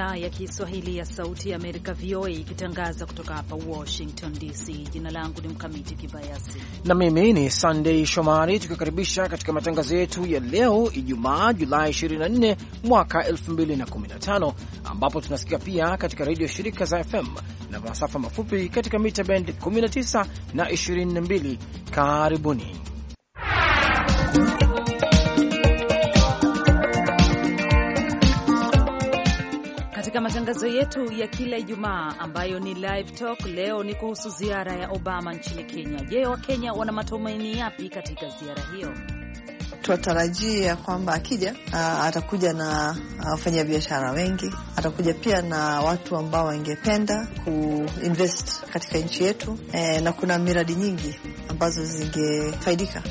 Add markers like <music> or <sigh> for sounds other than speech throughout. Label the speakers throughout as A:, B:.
A: idhaa ya Kiswahili ya Sauti ya Amerika, VOA, ikitangaza kutoka hapa Washington DC. Jina langu ni Mkamiti Kibayasi
B: na mimi ni Sandei Shomari, tukikaribisha katika matangazo yetu ya leo Ijumaa Julai 24 mwaka 2015, ambapo tunasikia pia katika redio shirika za FM na masafa mafupi katika mita bendi 19 na 22. Karibuni.
A: katika matangazo yetu ya kila Ijumaa ambayo ni live talk. Leo ni kuhusu ziara ya Obama nchini Kenya. Je, Wakenya wana matumaini yapi katika ziara hiyo?
C: Tunatarajia kwamba akija atakuja na wafanyabiashara wengi, atakuja pia na watu ambao wangependa kuinvest katika nchi yetu e, na kuna miradi nyingi ambazo zingefaidika.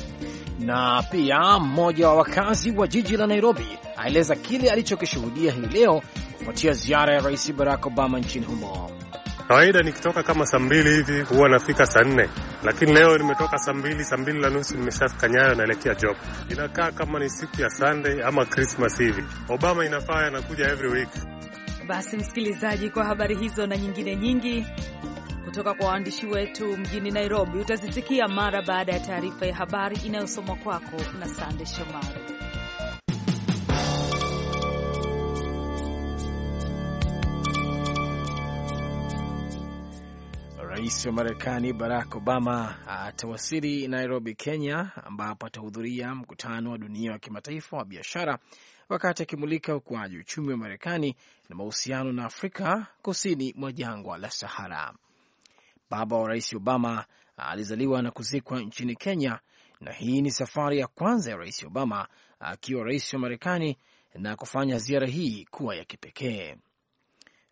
B: Na pia mmoja wa wakazi wa jiji la Nairobi aeleza kile alichokishuhudia hii leo kufuatia ziara ya Rais Barack Obama nchini humo. Kawaida nikitoka kama saa mbili hivi huwa nafika saa nne, lakini leo nimetoka saa mbili, saa mbili na nusu
D: nimeshafika Nyayo, naelekea job. Inakaa kama ni siku ya Sunday ama Christmas hivi. Obama inafaa anakuja every week.
A: Basi msikilizaji, kwa habari hizo na nyingine nyingi kutoka kwa waandishi wetu mjini Nairobi utazisikia mara baada ya taarifa ya habari inayosomwa kwako na Sande Shomari.
B: Rais wa Marekani Barack Obama atawasili Nairobi, Kenya, ambapo atahudhuria mkutano wa dunia wa kimataifa wa biashara wakati akimulika ukuaji uchumi wa Marekani na mahusiano na Afrika kusini mwa jangwa la Sahara. Baba wa Rais Obama alizaliwa na kuzikwa nchini Kenya, na hii ni safari ya kwanza ya Rais Obama akiwa rais wa Marekani na kufanya ziara hii kuwa ya kipekee.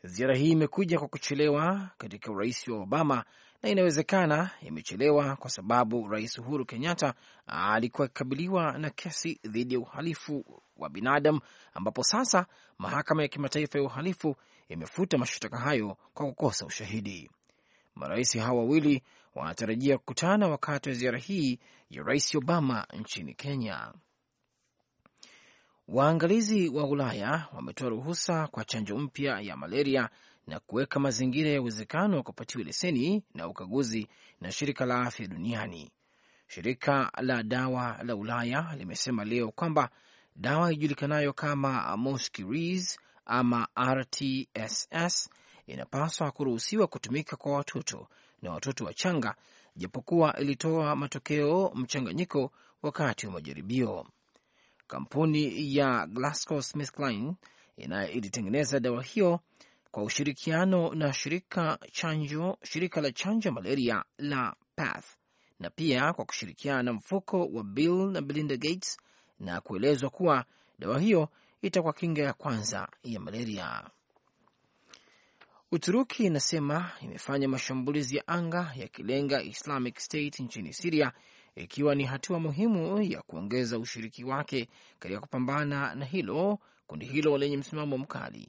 B: Ziara hii imekuja kwa kuchelewa katika urais wa Obama na inawezekana imechelewa kwa sababu Rais Uhuru Kenyatta alikuwa akikabiliwa na kesi dhidi ya uhalifu wa binadamu, ambapo sasa mahakama ya kimataifa ya uhalifu imefuta mashtaka hayo kwa kukosa ushahidi. Marais hawa wawili wanatarajia kukutana wakati wa ziara hii ya Rais Obama nchini Kenya. Waangalizi wa Ulaya wametoa ruhusa kwa chanjo mpya ya malaria na kuweka mazingira ya uwezekano wa kupatiwa leseni na ukaguzi na shirika la afya duniani. Shirika la dawa la Ulaya limesema leo kwamba dawa ijulikanayo kama Amos ama RTSS inapaswa kuruhusiwa kutumika kwa watoto na watoto wachanga, japokuwa ilitoa matokeo mchanganyiko wakati wa majaribio. Kampuni ya GlaxoSmithKline ilitengeneza dawa hiyo kwa ushirikiano na shirika chanjo, shirika la chanjo malaria la PATH na pia kwa kushirikiana na mfuko wa Bill na Melinda Gates na kuelezwa kuwa dawa hiyo itakuwa kinga ya kwanza ya malaria. Uturuki inasema imefanya mashambulizi ya anga yakilenga Islamic State nchini Siria ikiwa ni hatua muhimu ya kuongeza ushiriki wake katika kupambana na hilo kundi hilo lenye msimamo mkali.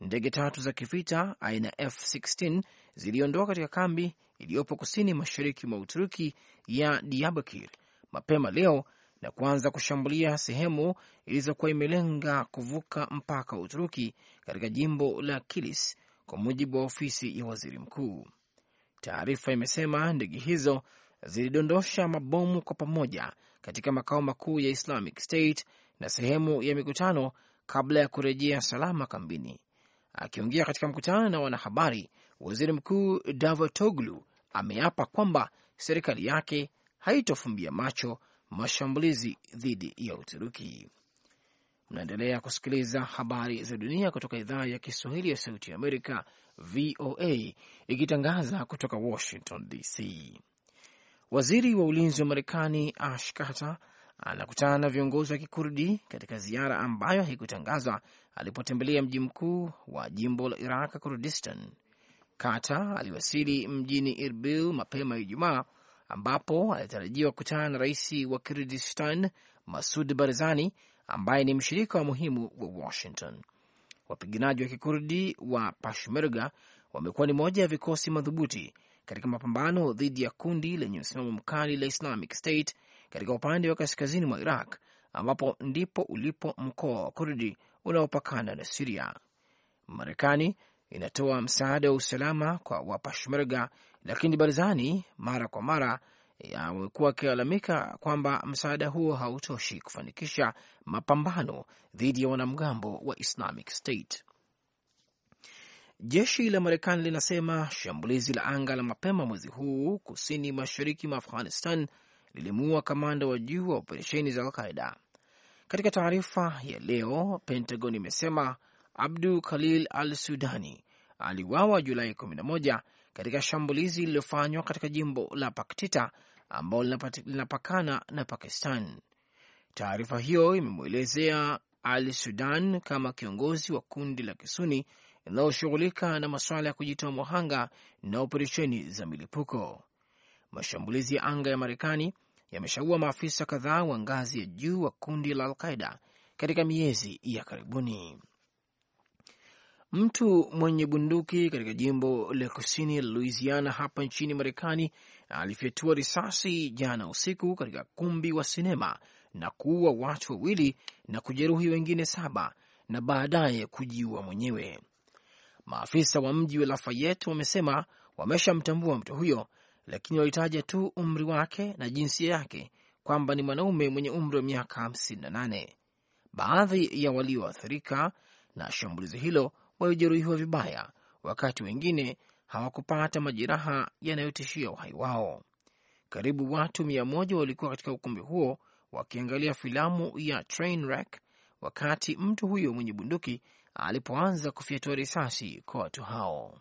B: Ndege tatu za kivita aina F16 ziliondoka katika kambi iliyopo kusini mashariki mwa Uturuki ya Diabakir mapema leo na kuanza kushambulia sehemu ilizokuwa imelenga kuvuka mpaka wa Uturuki katika jimbo la Kilis, kwa mujibu wa ofisi ya waziri mkuu. Taarifa imesema ndege hizo zilidondosha mabomu kwa pamoja katika makao makuu ya Islamic State na sehemu ya mikutano kabla ya kurejea salama kambini. Akiongea katika mkutano na wanahabari, waziri mkuu Davutoglu ameapa kwamba serikali yake haitofumbia macho mashambulizi dhidi ya Uturuki. Mnaendelea kusikiliza habari za dunia kutoka idhaa ya Kiswahili ya Sauti ya Amerika, VOA, ikitangaza kutoka Washington DC. Waziri wa ulinzi wa Marekani Ash Carter anakutana na viongozi wa Kikurdi katika ziara ambayo haikutangazwa alipotembelea mji mkuu wa jimbo la Iraq, Kurdistan. Carter aliwasili mjini Irbil mapema Ijumaa, ambapo alitarajiwa kukutana na rais wa Kurdistan Masud Barzani ambaye ni mshirika wa muhimu wa Washington. Wapiganaji wa Kikurdi wa Peshmerga wamekuwa ni moja ya vikosi madhubuti katika mapambano dhidi ya kundi lenye msimamo mkali la Islamic State katika upande wa kaskazini mwa Iraq, ambapo ndipo ulipo mkoa wa Kurdi unaopakana na Siria. Marekani inatoa msaada wa usalama kwa Wapashmerga, lakini Barzani mara kwa mara amekuwa akilalamika kwamba msaada huo hautoshi kufanikisha mapambano dhidi ya wanamgambo wa Islamic State. Jeshi la Marekani linasema shambulizi la anga la mapema mwezi huu kusini mashariki mwa Afghanistan lilimuua kamanda wa juu wa operesheni za Alqaida. Katika taarifa ya leo, Pentagon imesema Abdu Khalil al Sudani aliwawa Julai 11 katika shambulizi lililofanywa katika jimbo la Paktita ambalo linapakana na Pakistan. Taarifa hiyo imemwelezea al Sudan kama kiongozi wa kundi la Kisuni linaloshughulika na masuala ya kujitoa muhanga na operesheni za milipuko. Mashambulizi ya anga ya Marekani yameshaua maafisa kadhaa wa ngazi ya juu wa kundi la Alqaida katika miezi ya karibuni. Mtu mwenye bunduki katika jimbo la kusini la Louisiana hapa nchini Marekani alifyatua risasi jana usiku katika kumbi wa sinema na kuua watu wawili na kujeruhi wengine saba na baadaye kujiua mwenyewe. Maafisa wa mji wa Lafayette wamesema wameshamtambua mtu huyo, lakini walitaja tu umri wake na jinsia yake kwamba ni mwanaume mwenye umri wa miaka 58. Baadhi ya walioathirika na shambulizi hilo walijeruhiwa vibaya, wakati wengine hawakupata majeraha yanayotishia uhai wao. Karibu watu mia moja walikuwa katika ukumbi huo wakiangalia filamu ya Trainwreck wakati mtu huyo mwenye bunduki alipoanza kufyatua risasi kwa watu hao.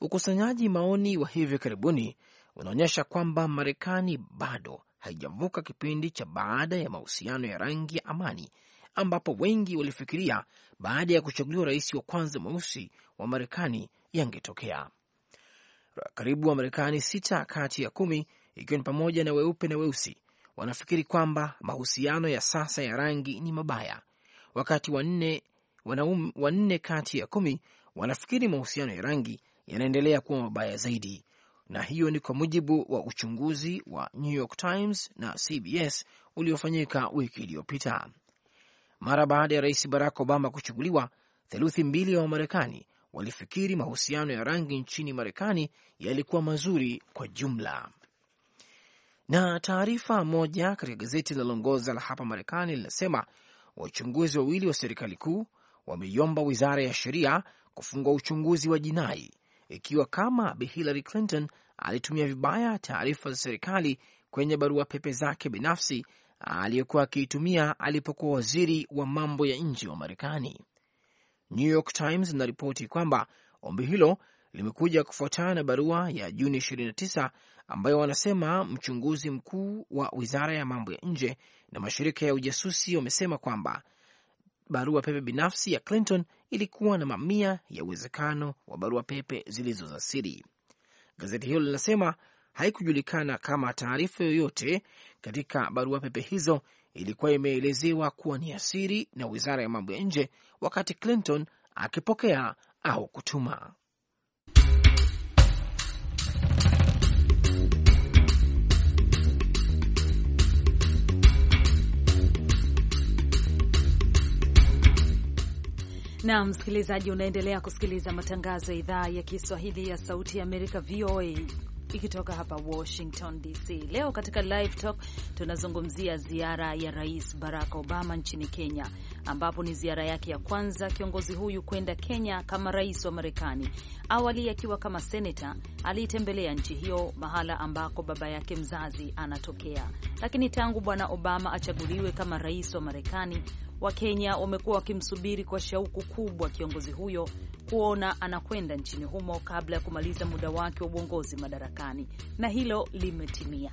B: Ukusanyaji maoni wa hivi karibuni unaonyesha kwamba Marekani bado haijavuka kipindi cha baada ya mahusiano ya rangi ya amani, ambapo wengi walifikiria baada ya kuchaguliwa rais wa kwanza mweusi wa Marekani yangetokea. Karibu wa marekani sita kati ya kumi, ikiwa ni pamoja na weupe na weusi, wanafikiri kwamba mahusiano ya sasa ya rangi ni mabaya wakati wanne wanne kati ya kumi wanafikiri mahusiano ya rangi yanaendelea kuwa mabaya zaidi, na hiyo ni kwa mujibu wa uchunguzi wa New York Times na CBS uliofanyika wiki iliyopita. Mara baada ya Rais Barack Obama kuchaguliwa, theluthi mbili ya wa Wamarekani walifikiri mahusiano ya rangi nchini Marekani yalikuwa mazuri kwa jumla. Na taarifa moja katika gazeti linaloongoza la hapa Marekani linasema wachunguzi wawili wa serikali kuu wameiomba wizara ya sheria kufungua uchunguzi wa jinai ikiwa kama Bi Hillary Clinton alitumia vibaya taarifa za serikali kwenye barua pepe zake binafsi aliyokuwa akiitumia alipokuwa waziri wa mambo ya nje wa Marekani. New York Times inaripoti kwamba ombi hilo limekuja kufuatana na barua ya Juni 29 ambayo wanasema mchunguzi mkuu wa wizara ya mambo ya nje na mashirika ya ujasusi wamesema kwamba barua pepe binafsi ya Clinton ilikuwa na mamia ya uwezekano wa barua pepe zilizo za siri. Gazeti hilo linasema haikujulikana kama taarifa yoyote katika barua pepe hizo ilikuwa imeelezewa kuwa ni asiri na wizara ya mambo ya nje wakati Clinton akipokea au kutuma.
A: Na msikilizaji, unaendelea kusikiliza matangazo ya idhaa ya Kiswahili ya Sauti ya Amerika, VOA ikitoka hapa Washington DC. Leo katika Live Talk tunazungumzia ziara ya Rais Barack Obama nchini Kenya, ambapo ni ziara yake ya kwanza kiongozi huyu kwenda Kenya kama rais wa Marekani. Awali akiwa kama seneta, aliitembelea nchi hiyo, mahala ambako baba yake mzazi anatokea. Lakini tangu bwana Obama achaguliwe kama rais wa Marekani, Wakenya wamekuwa wakimsubiri kwa shauku kubwa kiongozi huyo kuona anakwenda nchini humo kabla ya kumaliza muda wake wa uongozi madarakani, na hilo limetimia,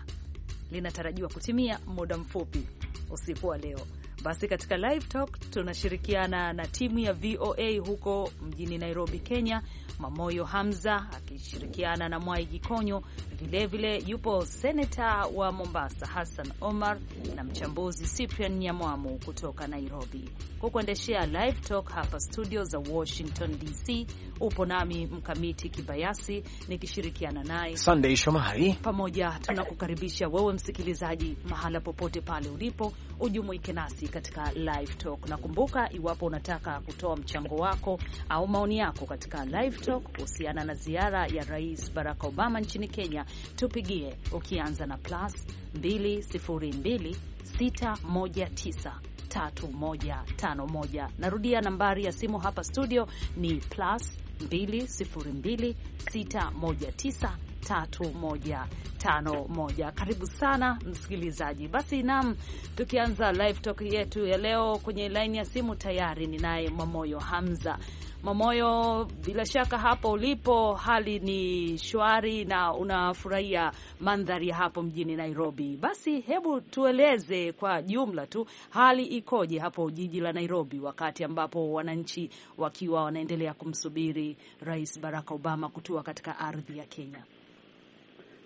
A: linatarajiwa kutimia muda mfupi usiku wa leo. Basi katika live talk tunashirikiana na timu ya VOA huko mjini Nairobi, Kenya, Mamoyo Hamza akishirikiana na Mwai Gikonyo. Vilevile yupo seneta wa Mombasa Hassan Omar na mchambuzi Cyprian Nyamwamu kutoka Nairobi. Kwa kuendeshea live talk hapa studio za Washington DC, upo nami Mkamiti Kibayasi nikishirikiana naye Sunday Shomari. Pamoja tunakukaribisha wewe msikilizaji, mahala popote pale ulipo, ujumuike nasi katika live talk. Nakumbuka, iwapo unataka kutoa mchango wako au maoni yako katika live talk kuhusiana na ziara ya Rais Barack Obama nchini Kenya, tupigie ukianza na plus 202 619 3151. Narudia nambari ya simu hapa studio ni plus 202 619 3151. Karibu sana msikilizaji. Basi nam, tukianza live talk yetu ya leo, kwenye laini ya simu tayari ninaye Mamoyo Hamza. Mamoyo, bila shaka hapo ulipo hali ni shwari na unafurahia mandhari ya hapo mjini Nairobi. Basi hebu tueleze kwa jumla tu hali ikoje hapo jiji la Nairobi, wakati ambapo wananchi wakiwa wanaendelea kumsubiri Rais Barack Obama kutua katika ardhi ya Kenya.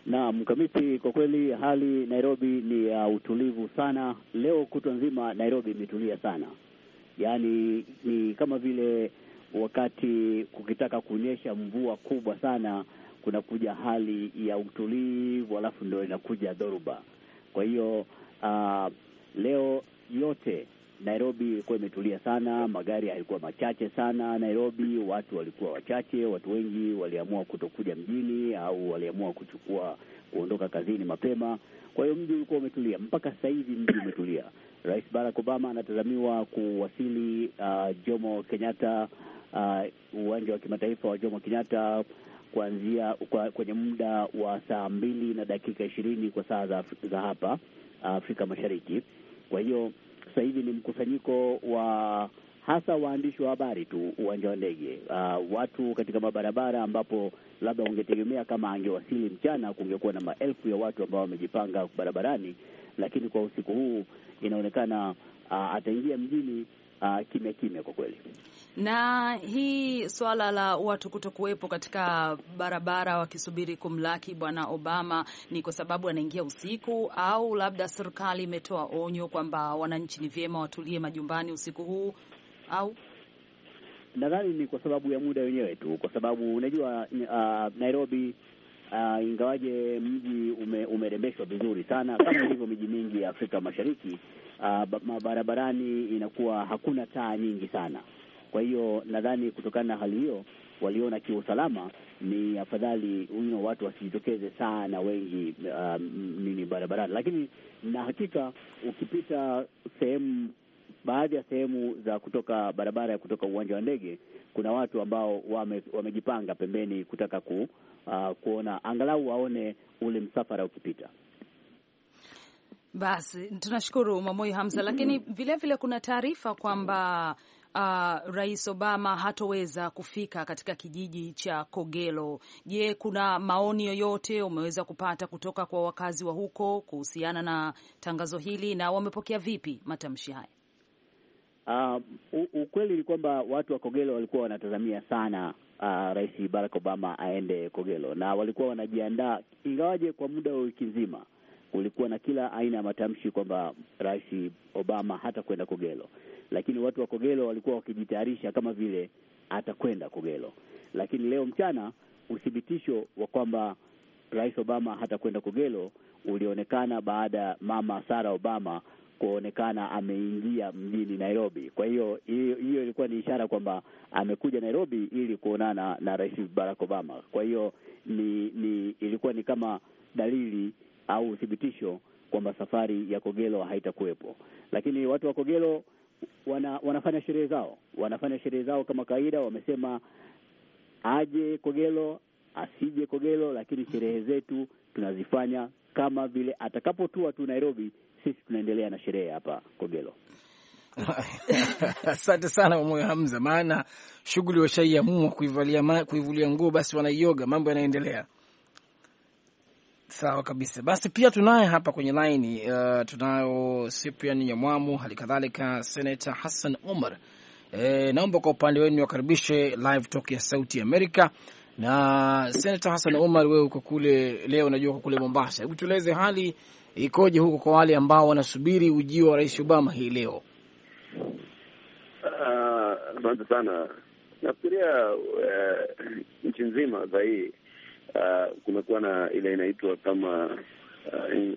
E: Naam, Kamiti, kwa kweli hali Nairobi ni ya uh, utulivu sana. Leo kutwa nzima Nairobi imetulia sana, yaani ni kama vile wakati kukitaka kunyesha mvua kubwa sana kunakuja hali ya utulivu, alafu ndio inakuja dhoruba. Kwa hiyo uh, leo yote Nairobi ilikuwa imetulia sana, magari yalikuwa machache sana Nairobi, watu walikuwa wachache. Watu wengi waliamua kutokuja mjini au waliamua kuchukua kuondoka kazini mapema, kwa hiyo mji ulikuwa umetulia. Mpaka sasa hivi mji umetulia. Rais Barack Obama anatazamiwa kuwasili uh, Jomo Kenyatta, uh, uwanja uh, wa kimataifa wa Jomo Kenyatta kuanzia kwa, kwenye muda wa saa mbili na dakika ishirini kwa saa za, za hapa Afrika Mashariki. Kwa hiyo sasa hivi ni mkusanyiko wa hasa waandishi wa habari tu uwanja wa ndege, uh, watu katika mabarabara, ambapo labda ungetegemea kama angewasili mchana kungekuwa na maelfu ya watu ambao wamejipanga barabarani, lakini kwa usiku huu inaonekana uh, ataingia mjini uh, kimya kimya kwa kweli.
A: Na hii swala la watu kuto kuwepo katika barabara wakisubiri kumlaki bwana Obama ni kwa sababu anaingia usiku, au labda serikali imetoa onyo kwamba wananchi ni vyema watulie majumbani usiku huu, au
E: nadhani ni kwa sababu ya muda wenyewe tu, kwa sababu unajua uh, Nairobi uh, ingawaje mji ume, umerembeshwa vizuri sana kama ilivyo miji mingi ya Afrika Mashariki uh, barabarani inakuwa hakuna taa nyingi sana kwa hiyo nadhani kutokana na hali hiyo waliona kiusalama ni afadhali you watu wasijitokeze sana wengi um, nini barabarani, lakini na hakika ukipita sehemu baadhi ya sehemu za kutoka barabara ya kutoka uwanja wa ndege kuna watu ambao wame, wamejipanga pembeni kutaka ku, uh, kuona angalau waone ule msafara ukipita.
A: Basi tunashukuru Mamoyo Hamza, lakini vilevile <clears throat> vile kuna taarifa kwamba mm -hmm uh, Rais Obama hatoweza kufika katika kijiji cha Kogelo. Je, kuna maoni yoyote umeweza kupata kutoka kwa wakazi wa huko kuhusiana na tangazo hili na wamepokea vipi matamshi haya?
E: Uh, ukweli ni kwamba watu wa Kogelo walikuwa wanatazamia sana uh, Rais Barack Obama aende Kogelo na walikuwa wanajiandaa, ingawaje kwa muda wa wiki nzima kulikuwa na kila aina ya matamshi kwamba Rais Obama hata kwenda Kogelo, lakini watu wa Kogelo walikuwa wakijitayarisha kama vile atakwenda Kogelo, lakini leo mchana uthibitisho wa kwamba Rais Obama hatakwenda Kogelo ulionekana baada ya Mama sara Obama kuonekana ameingia mjini Nairobi. Kwa hiyo hiyo ilikuwa ni ishara kwamba amekuja Nairobi ili kuonana na Rais Barack Obama. Kwa hiyo ni, ni ilikuwa ni kama dalili au uthibitisho kwamba safari ya Kogelo haitakuwepo, lakini watu wa Kogelo wana, wanafanya sherehe zao, wanafanya sherehe zao kama kawaida. Wamesema aje Kogelo asije Kogelo, lakini sherehe zetu tunazifanya kama vile atakapotua tu Nairobi, sisi tunaendelea na sherehe hapa Kogelo.
B: <laughs> Asante sana Mwamoyo Hamza, maana shughuli washaiamua kuivalia kuivulia nguo, basi wanaioga, mambo yanaendelea. Sawa kabisa. Basi pia tunaye hapa kwenye laini uh, tunayo Cyprian Nyamwamu, hali kadhalika Senata Hassan Omar. E, naomba kwa upande wenu niwakaribishe live talk ya Sauti Amerika. Na Senata Hassan Omar, wewe uko kule leo, najua uko kule Mombasa, hebu tueleze hali ikoje huko kwa wale ambao wanasubiri ujio wa Rais Obama hii leo?
D: Ah, asante uh, sana. Nafikiria uh, nchi nzima za hii uh, kumekuwa na ile inaitwa kama uh, uh,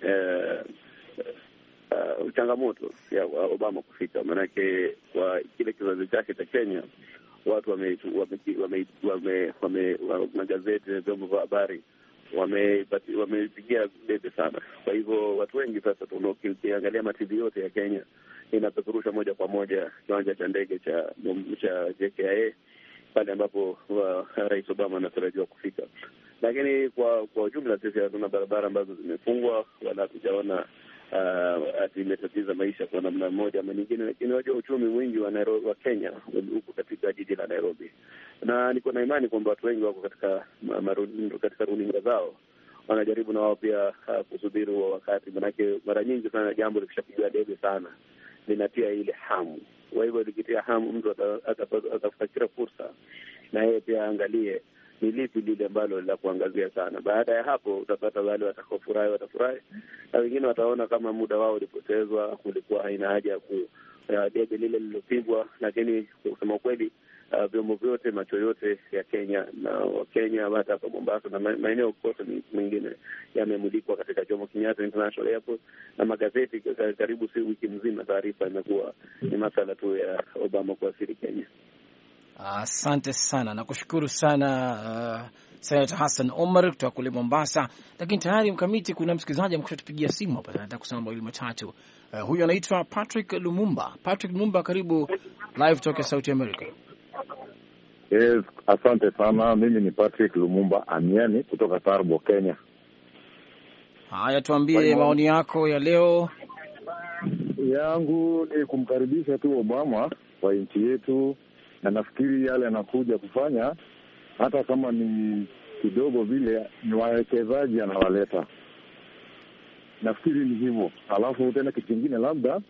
D: uh, changamoto ya Obama kufika, maanake kwa kile kizazi chake cha Kenya watu magazeti na vyombo vya habari wamepigia debe sana. Kwa hivyo watu wengi sasa, ukiangalia mativi yote ya Kenya inapeperusha moja kwa moja kiwanja cha ndege cha cha JKIA pale ambapo uh, Rais Obama anatarajiwa kufika. Lakini kwa kwa ujumla sisi hatuna barabara ambazo zimefungwa wala hatujaona uh, ati imetatiza maisha kwa namna moja ama nyingine, lakini wajua uchumi mwingi wa, Nairobi, wa Kenya huko katika jiji la Nairobi, na niko na imani kwamba watu wengi wako katika marundo, katika runinga zao wanajaribu na wao pia uh, kusubiri wa wakati, manake mara nyingi sana jambo likishapigiwa debe sana linatia ile hamu. Kwa hivyo likitia hamu, mtu atafuta fursa na yeye pia aangalie ni lipi lile ambalo la kuangazia sana. Baada ya hapo, utapata wale watakaofurahi watafurahi, na wengine wataona kama muda wao ulipotezwa, kulikuwa haina haja ya ku debe lile lililopigwa. Lakini kusema kweli, uh, vyombo vyote, macho yote ya Kenya na Wakenya, hata hapa Mombasa na maeneo kote mengine yamemulikwa katika Jomo Kenyatta International Airport, na magazeti karibu si wiki mzima, taarifa imekuwa ni masala tu ya Obama kuwasili Kenya.
B: Asante uh, sana nakushukuru sana uh, Senata Hassan Omar kutoka kule Mombasa. Lakini tayari mkamiti, kuna msikilizaji amekusha tupigia simu hapa, nataka kusema mawili matatu. Uh, huyu anaitwa Patrick Lumumba. Patrick Lumumba, karibu live ya Sauti America.
C: Yes, asante sana. Mimi ni Patrick Lumumba Amiani kutoka Tarbo, Kenya.
B: Haya, tuambie maoni yako ya leo. Yangu ni kumkaribisha tu Obama kwa nchi
C: yetu na nafikiri yale anakuja kufanya hata kama ni kidogo vile, ni wawekezaji anawaleta, nafikiri ni hivyo. Alafu tena kitu kingine labda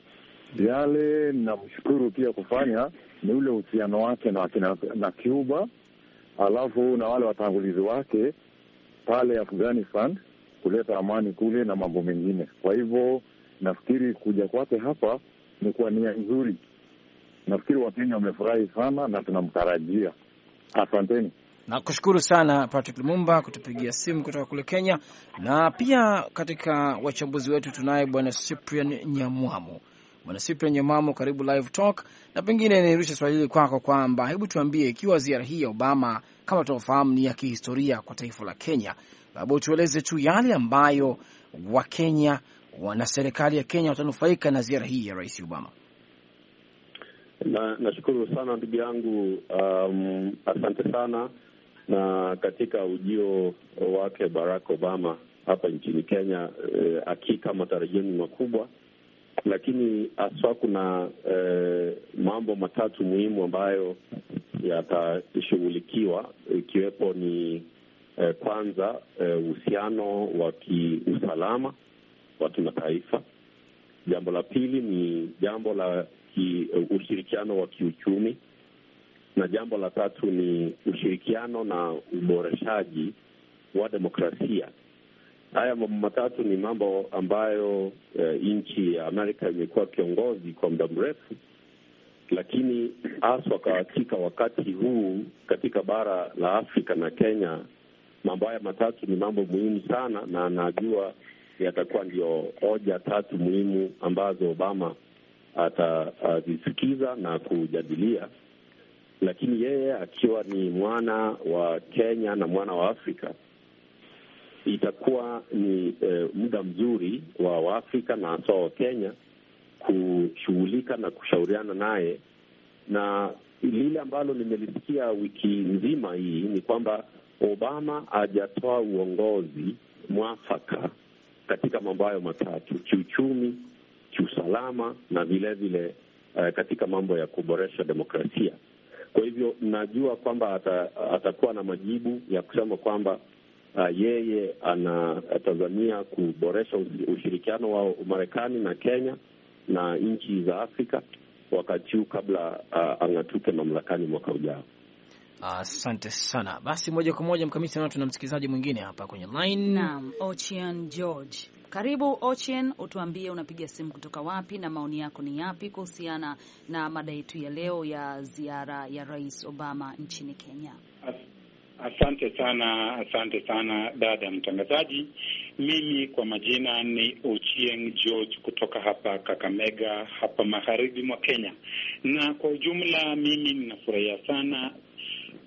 C: yale namshukuru pia kufanya ni ule uhusiano wake na, na, na Cuba alafu na wale watangulizi wake pale Afghanistan kuleta amani kule na mambo mengine. Kwa hivyo nafikiri kuja kwake hapa ni kwa nia nzuri, Nafikiri Wakenya wamefurahi sana na tunamtarajia. Asanteni.
B: Nakushukuru sana Patrick Lumumba kutupigia simu kutoka kule Kenya. Na pia katika wachambuzi wetu tunaye bwana Cyprian Nyamwamu. Bwana Cyprian Nyamwamu, karibu Live Talk, na pengine nirusha swali hili kwako kwamba hebu tuambie, ikiwa ziara hii ya Obama kama tunavyofahamu ni ya kihistoria kwa taifa la Kenya, labda tueleze tu yale ambayo Wakenya na serikali ya Kenya watanufaika na ziara hii ya Rais Obama.
D: Na nashukuru
F: sana ndugu yangu, um, asante sana. Na katika ujio wake Barack Obama hapa nchini Kenya, eh, hakika matarajio ni makubwa, lakini haswa kuna eh, mambo matatu muhimu ambayo yatashughulikiwa ikiwepo ni eh, kwanza eh, uhusiano eh, wa kiusalama wa kimataifa. Jambo la pili ni jambo la ki, uh, ushirikiano wa kiuchumi, na jambo la tatu ni ushirikiano na uboreshaji wa demokrasia. Haya mambo matatu ni mambo ambayo eh, nchi ya Amerika imekuwa kiongozi kwa muda mrefu, lakini haswa katika wakati huu katika bara la Afrika na Kenya, mambo haya matatu ni mambo muhimu sana, na najua yatakuwa ndio hoja tatu muhimu ambazo Obama atazisikiza na kujadilia, lakini yeye akiwa ni mwana wa Kenya na mwana wa Afrika itakuwa ni e, muda mzuri wa Waafrika na hasa wa Kenya kushughulika na kushauriana naye, na lile ambalo nimelisikia wiki nzima hii ni kwamba Obama hajatoa uongozi mwafaka katika mambo hayo matatu: kiuchumi kiusalama na vilevile vile, uh, katika mambo ya kuboresha demokrasia. Kwa hivyo najua kwamba ata, atakuwa na majibu ya kusema kwamba uh, yeye anatazamia eh, kuboresha ushirikiano wa Marekani na Kenya na nchi za Afrika wakati huu kabla uh,
A: ang'atuke
B: mamlakani mwaka ujao. Asante uh, sana. Basi moja kwa moja mkamiti, na tuna msikilizaji mwingine hapa kwenye line. Naam,
A: George karibu Ochieng, utuambie unapiga simu kutoka wapi na maoni yako ni yapi kuhusiana na mada yetu ya leo ya ziara ya Rais Obama nchini Kenya?
G: Asante sana, asante sana dada mtangazaji. Mimi kwa majina ni Ochieng George kutoka hapa Kakamega, hapa magharibi mwa Kenya, na kwa ujumla mimi ninafurahia sana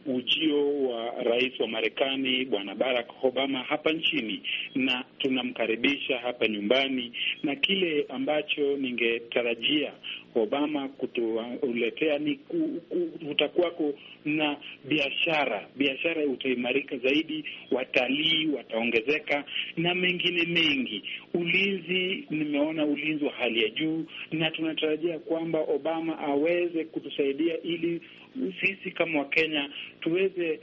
G: ujio wa rais wa Marekani Bwana Barack Obama hapa nchini na tunamkaribisha hapa nyumbani, na kile ambacho ningetarajia Obama kutuletea ni ku, na biashara, biashara utaimarika zaidi, watalii wataongezeka na mengine mengi. Ulinzi, nimeona ulinzi wa hali ya juu, na tunatarajia kwamba Obama aweze kutusaidia ili sisi kama Wakenya tuweze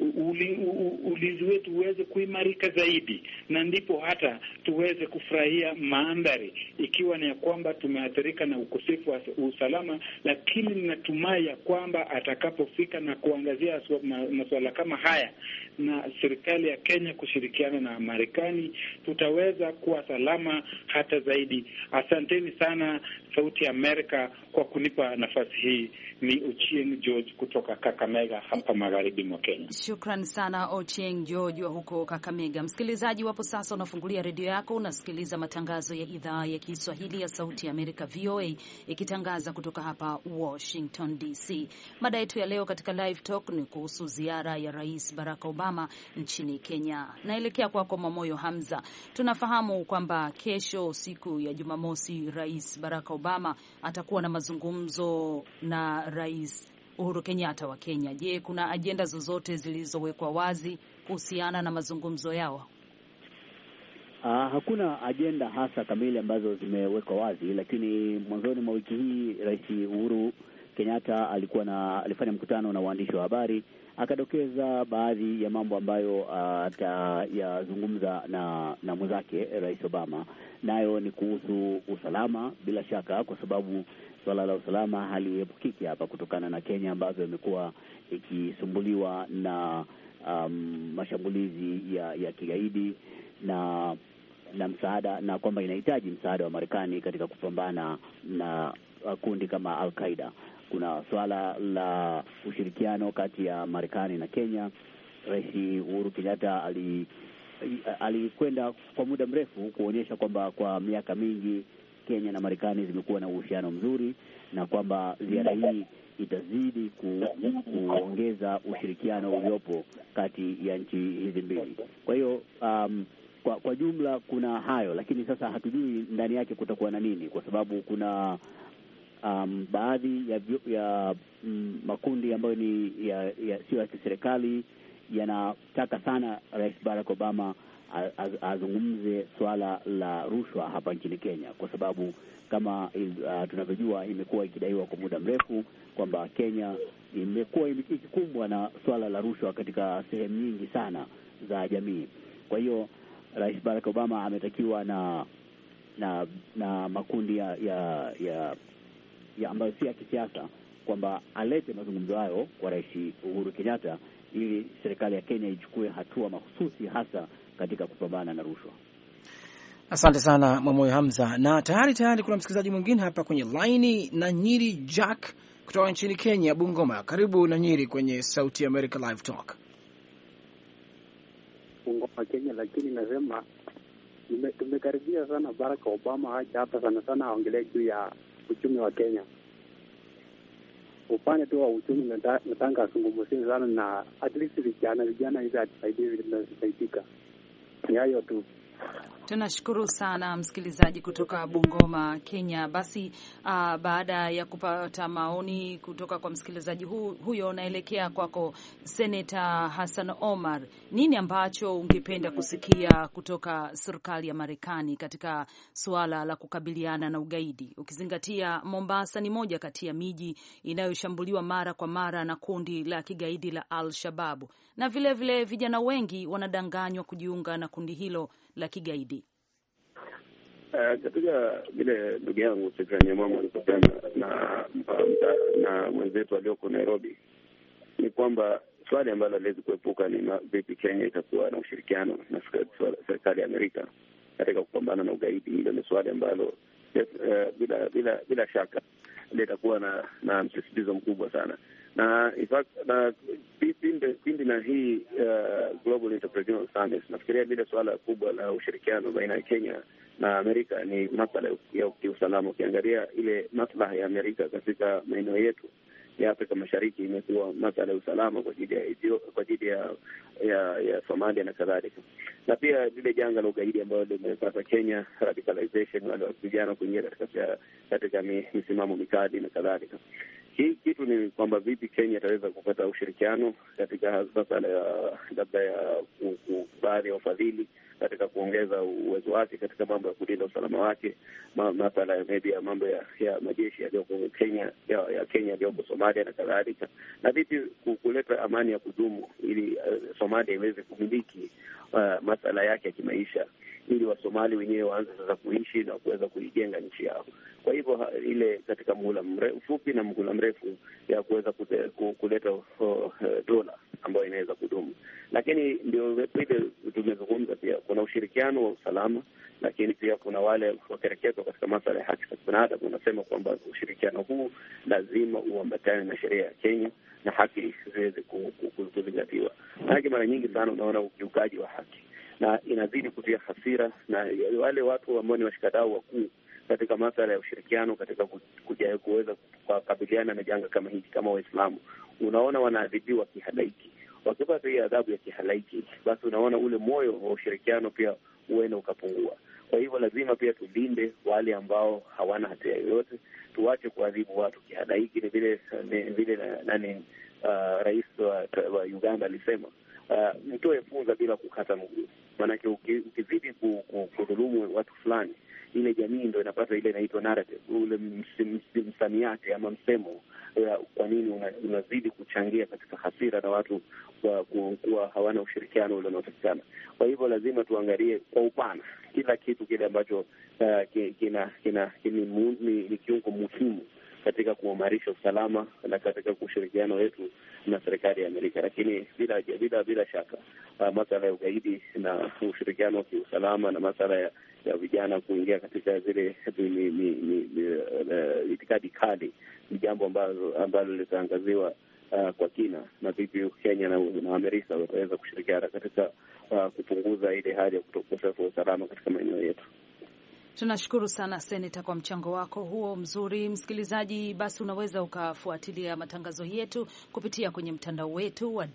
G: ulinzi wetu uweze kuimarika zaidi, na ndipo hata tuweze kufurahia mandhari ikiwa ni ya kwamba tumeathirika na ukosefu wa usalama, lakini ninatumai ya kwamba atakapofika na kuangazia masuala kama haya na serikali ya Kenya kushirikiana na Marekani tutaweza kuwa salama hata zaidi. Asanteni sana Sauti ya Amerika kwa kunipa nafasi hii. Ni Ochieng George kutoka Kakamega hapa magharibi mwa Kenya.
A: Shukran sana Ochieng George wa huko Kakamega. Msikilizaji wapo sasa, unafungulia redio yako, unasikiliza matangazo ya idhaa ya Kiswahili ya Sauti ya Amerika, VOA, ikitangaza kutoka hapa Washington DC. Mada yetu ya leo katika Live Talk ni kuhusu ziara ya Rais Barack Obama nchini Kenya. Naelekea kwako Mamoyo Hamza. Tunafahamu kwamba kesho, siku ya Jumamosi, Rais Barack Obama Obama atakuwa na mazungumzo na Rais Uhuru Kenyatta wa Kenya. Je, kuna ajenda zozote zilizowekwa wazi kuhusiana na mazungumzo yao?
E: Ah, hakuna ajenda hasa kamili ambazo zimewekwa wazi, lakini mwanzoni mwa wiki hii Rais Uhuru Kenyatta alikuwa na alifanya mkutano na waandishi wa habari akadokeza baadhi ya mambo ambayo uh, atayazungumza na, na mwenzake eh, Rais Obama, nayo ni kuhusu usalama, bila shaka, kwa sababu suala la usalama haliepukiki hapa kutokana na Kenya ambavyo imekuwa ikisumbuliwa na um, mashambulizi ya, ya kigaidi na na msaada na kwamba inahitaji msaada wa Marekani katika kupambana na uh, kundi kama Al Qaida. Kuna swala la ushirikiano kati ya Marekani na Kenya. Rais Uhuru Kenyatta alikwenda kwa muda mrefu kuonyesha kwamba kwa miaka mingi Kenya na Marekani zimekuwa na uhusiano mzuri na kwamba ziara hii itazidi ku, kuongeza ushirikiano uliopo kati ya nchi hizi mbili. Kwa hiyo um, kwa, kwa jumla kuna hayo, lakini sasa hatujui ndani yake kutakuwa na nini, kwa sababu kuna um, baadhi ya, ya mm, makundi ambayo ni sio ya kiserikali yanataka sana Rais Barack Obama azungumze swala la rushwa hapa nchini Kenya kwa sababu kama uh, tunavyojua imekuwa ikidaiwa kwa muda mrefu kwamba Kenya imekuwa ikikumbwa na swala la rushwa katika sehemu nyingi sana za jamii. Kwa hiyo Rais Barack Obama ametakiwa na na na makundi ya ya, ya ya ambayo si ya kisiasa, kwamba alete mazungumzo hayo kwa Rais Uhuru Kenyatta ili serikali ya Kenya ichukue hatua
B: mahususi hasa katika kupambana na rushwa. Asante sana Mwamoyo Hamza. Na tayari tayari kuna msikilizaji mwingine hapa kwenye laini na Nyiri Jack kutoka nchini Kenya, Bungoma. Karibu na Nyiri kwenye Sauti ya America Live Talk.
D: Bungoma, Kenya, lakini nasema tumekaribia sana Barack Obama haja hapa, sana sana aongelee juu ya uchumi wa Kenya. Upande tu wa uchumi, nataka azungumzie sana na at least vijana vijana hizi atusaidie vile tunasaidika. Ni hayo tu.
A: Tunashukuru sana msikilizaji kutoka Bungoma, Kenya. Basi uh, baada ya kupata maoni kutoka kwa msikilizaji hu, huyo, unaelekea kwako Senata Hassan Omar. Nini ambacho ungependa kusikia kutoka serikali ya Marekani katika suala la kukabiliana na ugaidi, ukizingatia Mombasa ni moja kati ya miji inayoshambuliwa mara kwa mara na kundi la kigaidi la Al Shababu, na vilevile vile vijana wengi wanadanganywa kujiunga na kundi hilo la kigaidi.
D: Eh, katika vile ndugu yangu Sefrani Amamo alivyosema na na mwenzetu alioko Nairobi ni kwamba swali ambalo aliwezi kuepuka ni vipi Kenya itakuwa na ushirikiano na serikali ya Amerika katika kupambana na ugaidi. Hilo ni swali ambalo eh, bila bila bila shaka litakuwa na na msisitizo mkubwa sana na pindi na hii uh, Global Entrepreneurial Summit, nafikiria lile suala kubwa la ushirikiano baina ya Kenya na Amerika ni masala ya kiusalama. Ukiangalia ile maslaha ya Amerika katika maeneo yetu ya Afrika Mashariki imekuwa masala ya usalama kwa ajili ya kwa ajili ya, ya, ya Somalia na kadhalika, na pia lile janga la ugaidi ambayo limepata Kenya, radicalization, wale vijana kuingia katika katika misimamo mikali na kadhalika. Hii kitu ni kwamba vipi Kenya itaweza kupata ushirikiano katika masala ya labda ya baadhi ya ufadhili katika kuongeza uwezo wake katika mambo ya kulinda usalama wake, masala ya maybe ya mambo ya, ya majeshi yaliyoko Kenya ya, ya Kenya yaliyoko Somalia na kadhalika, na vipi kuleta amani ya kudumu ili uh, Somalia iweze kumiliki uh, eh, masala yake ya kimaisha ili Wasomali wenyewe waanze sasa kuishi na kuweza kuijenga nchi yao. Kwa hivyo ile katika muhula mfupi na muhula mrefu ya kuweza kuleta uh, dola ambayo inaweza kudumu, lakini ndio vile tumezungumza pia, kuna ushirikiano wa usalama, lakini pia kuna wale wakerekezwa katika masala ya haki za kibinadamu wanasema kwamba ushirikiano huu lazima uambatane na sheria ya Kenya na haki ziweze kuzingatiwa, manake mara nyingi sana unaona ukiukaji wa haki na inazidi kutia hasira, na wale watu ambao ni washikadau wakuu katika masala ya ushirikiano katika kuja kuweza kukabiliana na janga kama hili, kama Waislamu unaona wanaadhibiwa kihalaiki. Wakipata hii adhabu ya kihalaiki, basi unaona ule moyo wa ushirikiano pia huenda ukapungua. Kwa hivyo lazima pia tulinde wale ambao hawana hatia yoyote, tuwache kuadhibu watu kihalaiki. Ni vile nani, uh, rais wa, wa Uganda alisema uh, eh, mtoe funza bila kukata mguu, maanake ukizidi kudhulumu watu fulani, ile jamii ndo inapata ile inaitwa narrative, ule msamiati ama msemo kwa nini unazidi una kuchangia katika hasira na watu kuwa hawana ushirikiano ule unaotakikana. Kwa hivyo lazima tuangalie kwa upana kila kitu kile ambacho uh, kina, kina, kina, kina, ni kiungo muhimu katika kuimarisha usalama na katika ushirikiano wetu na serikali ya Amerika. Lakini bila bila bila shaka uh, masala ya ugaidi na ushirikiano wa kiusalama na masala ya, ya vijana kuingia katika zile uh, itikadi kali ni jambo ambalo litaangaziwa uh, kwa kina na vipi Kenya na, na Amerika wataweza kushirikiana katika uh, kupunguza ile hali ya kutokosefu wa usalama katika maeneo yetu.
A: Tunashukuru sana seneta kwa mchango wako huo mzuri. Msikilizaji, basi unaweza ukafuatilia matangazo yetu kupitia kwenye mtandao wetu wa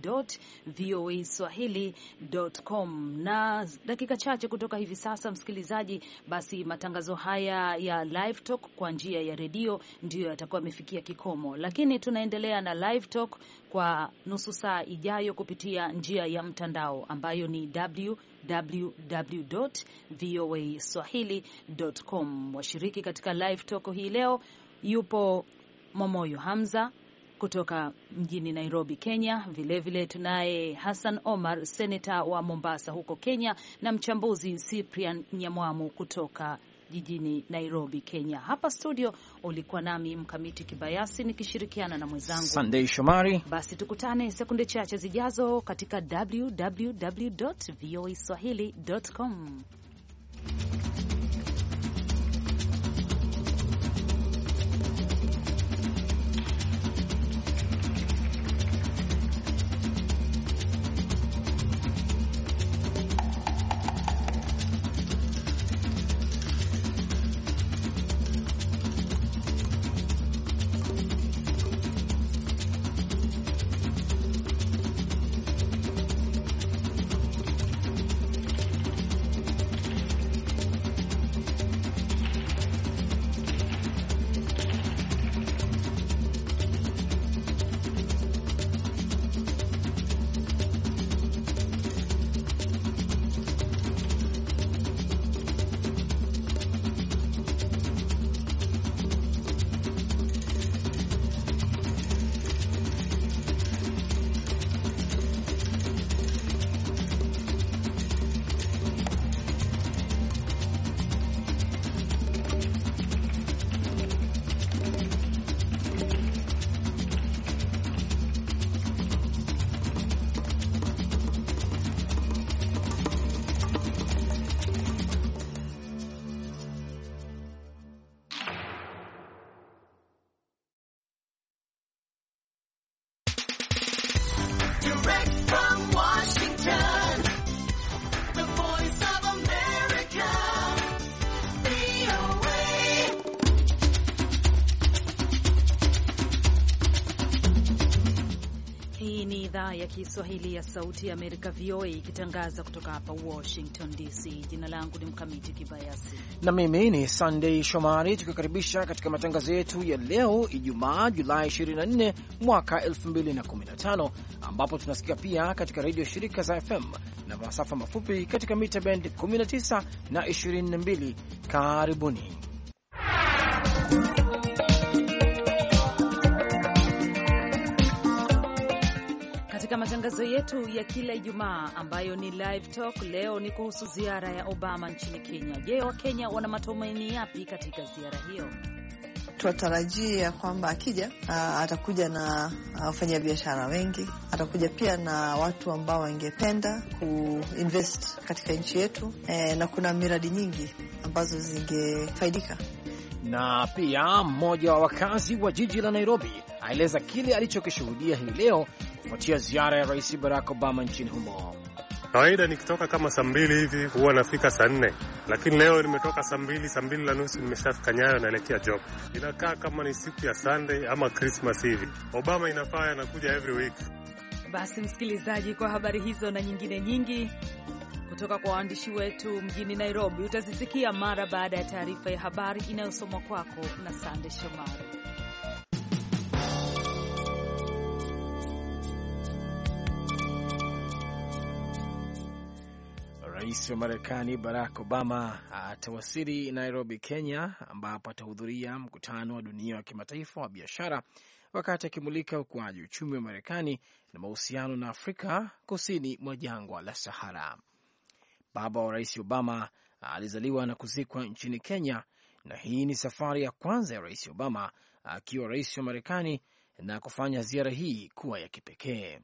A: voa swahilicom Na dakika chache kutoka hivi sasa, msikilizaji, basi matangazo haya ya Live Talk kwa njia ya redio ndiyo yatakuwa yamefikia kikomo, lakini tunaendelea na Live Talk kwa nusu saa ijayo kupitia njia ya mtandao ambayo ni www.voaswahili.com. Washiriki katika live talk hii leo yupo Momoyo Hamza kutoka mjini Nairobi, Kenya. Vilevile tunaye Hassan Omar, seneta wa Mombasa huko Kenya, na mchambuzi Cyprian Nyamwamu kutoka jijini Nairobi, Kenya. Hapa studio ulikuwa nami Mkamiti Kibayasi nikishirikiana na mwenzangu Sandei Shomari. Basi tukutane sekunde chache zijazo katika www voa swahili.com. Break. ni idhaa ya Kiswahili ya Sauti ya Amerika, VOA, ikitangaza kutoka hapa Washington DC. Jina langu ni Mkamiti Kibayasi
B: na mimi ni Sandei Shomari, tukikaribisha katika matangazo yetu ya leo Ijumaa Julai 24 mwaka 2015, ambapo tunasikia pia katika redio shirika za FM na masafa mafupi katika mita bendi 19 na 22. Karibuni.
A: katika matangazo yetu ya kila Ijumaa ambayo ni live talk. Leo ni kuhusu ziara ya Obama nchini Kenya. Je, Wakenya wana matumaini yapi katika ziara hiyo?
C: Tunatarajia kwamba akija atakuja na wafanyabiashara wengi, atakuja pia na watu ambao wangependa kuinvest katika nchi yetu e, na kuna miradi nyingi ambazo
B: zingefaidika. Na pia mmoja wa wakazi wa jiji la Nairobi aeleza kile alichokishuhudia hii leo kufuatia ziara ya Rais Barack Obama nchini humo. Kawaida nikitoka kama saa mbili hivi huwa nafika saa nne, lakini leo nimetoka
D: saa mbili, saa mbili na nusu nimeshafika Nyayo, naelekea job. Inakaa kama ni siku ya Sunday ama Christmas hivi. Obama inafaa anakuja every week.
A: Basi msikilizaji, kwa habari hizo na nyingine nyingi kutoka kwa waandishi wetu mjini Nairobi utazisikia mara baada ya taarifa ya habari inayosomwa kwako na Sande Shomari.
B: Rais wa Marekani Barack Obama atawasili Nairobi, Kenya, ambapo atahudhuria mkutano wa dunia wa kimataifa wa biashara, wakati akimulika ukuaji uchumi wa Marekani na mahusiano na Afrika kusini mwa jangwa la Sahara. Baba wa Rais Obama alizaliwa na kuzikwa nchini Kenya, na hii ni safari ya kwanza ya Rais Obama akiwa rais wa Marekani na kufanya ziara hii kuwa ya kipekee.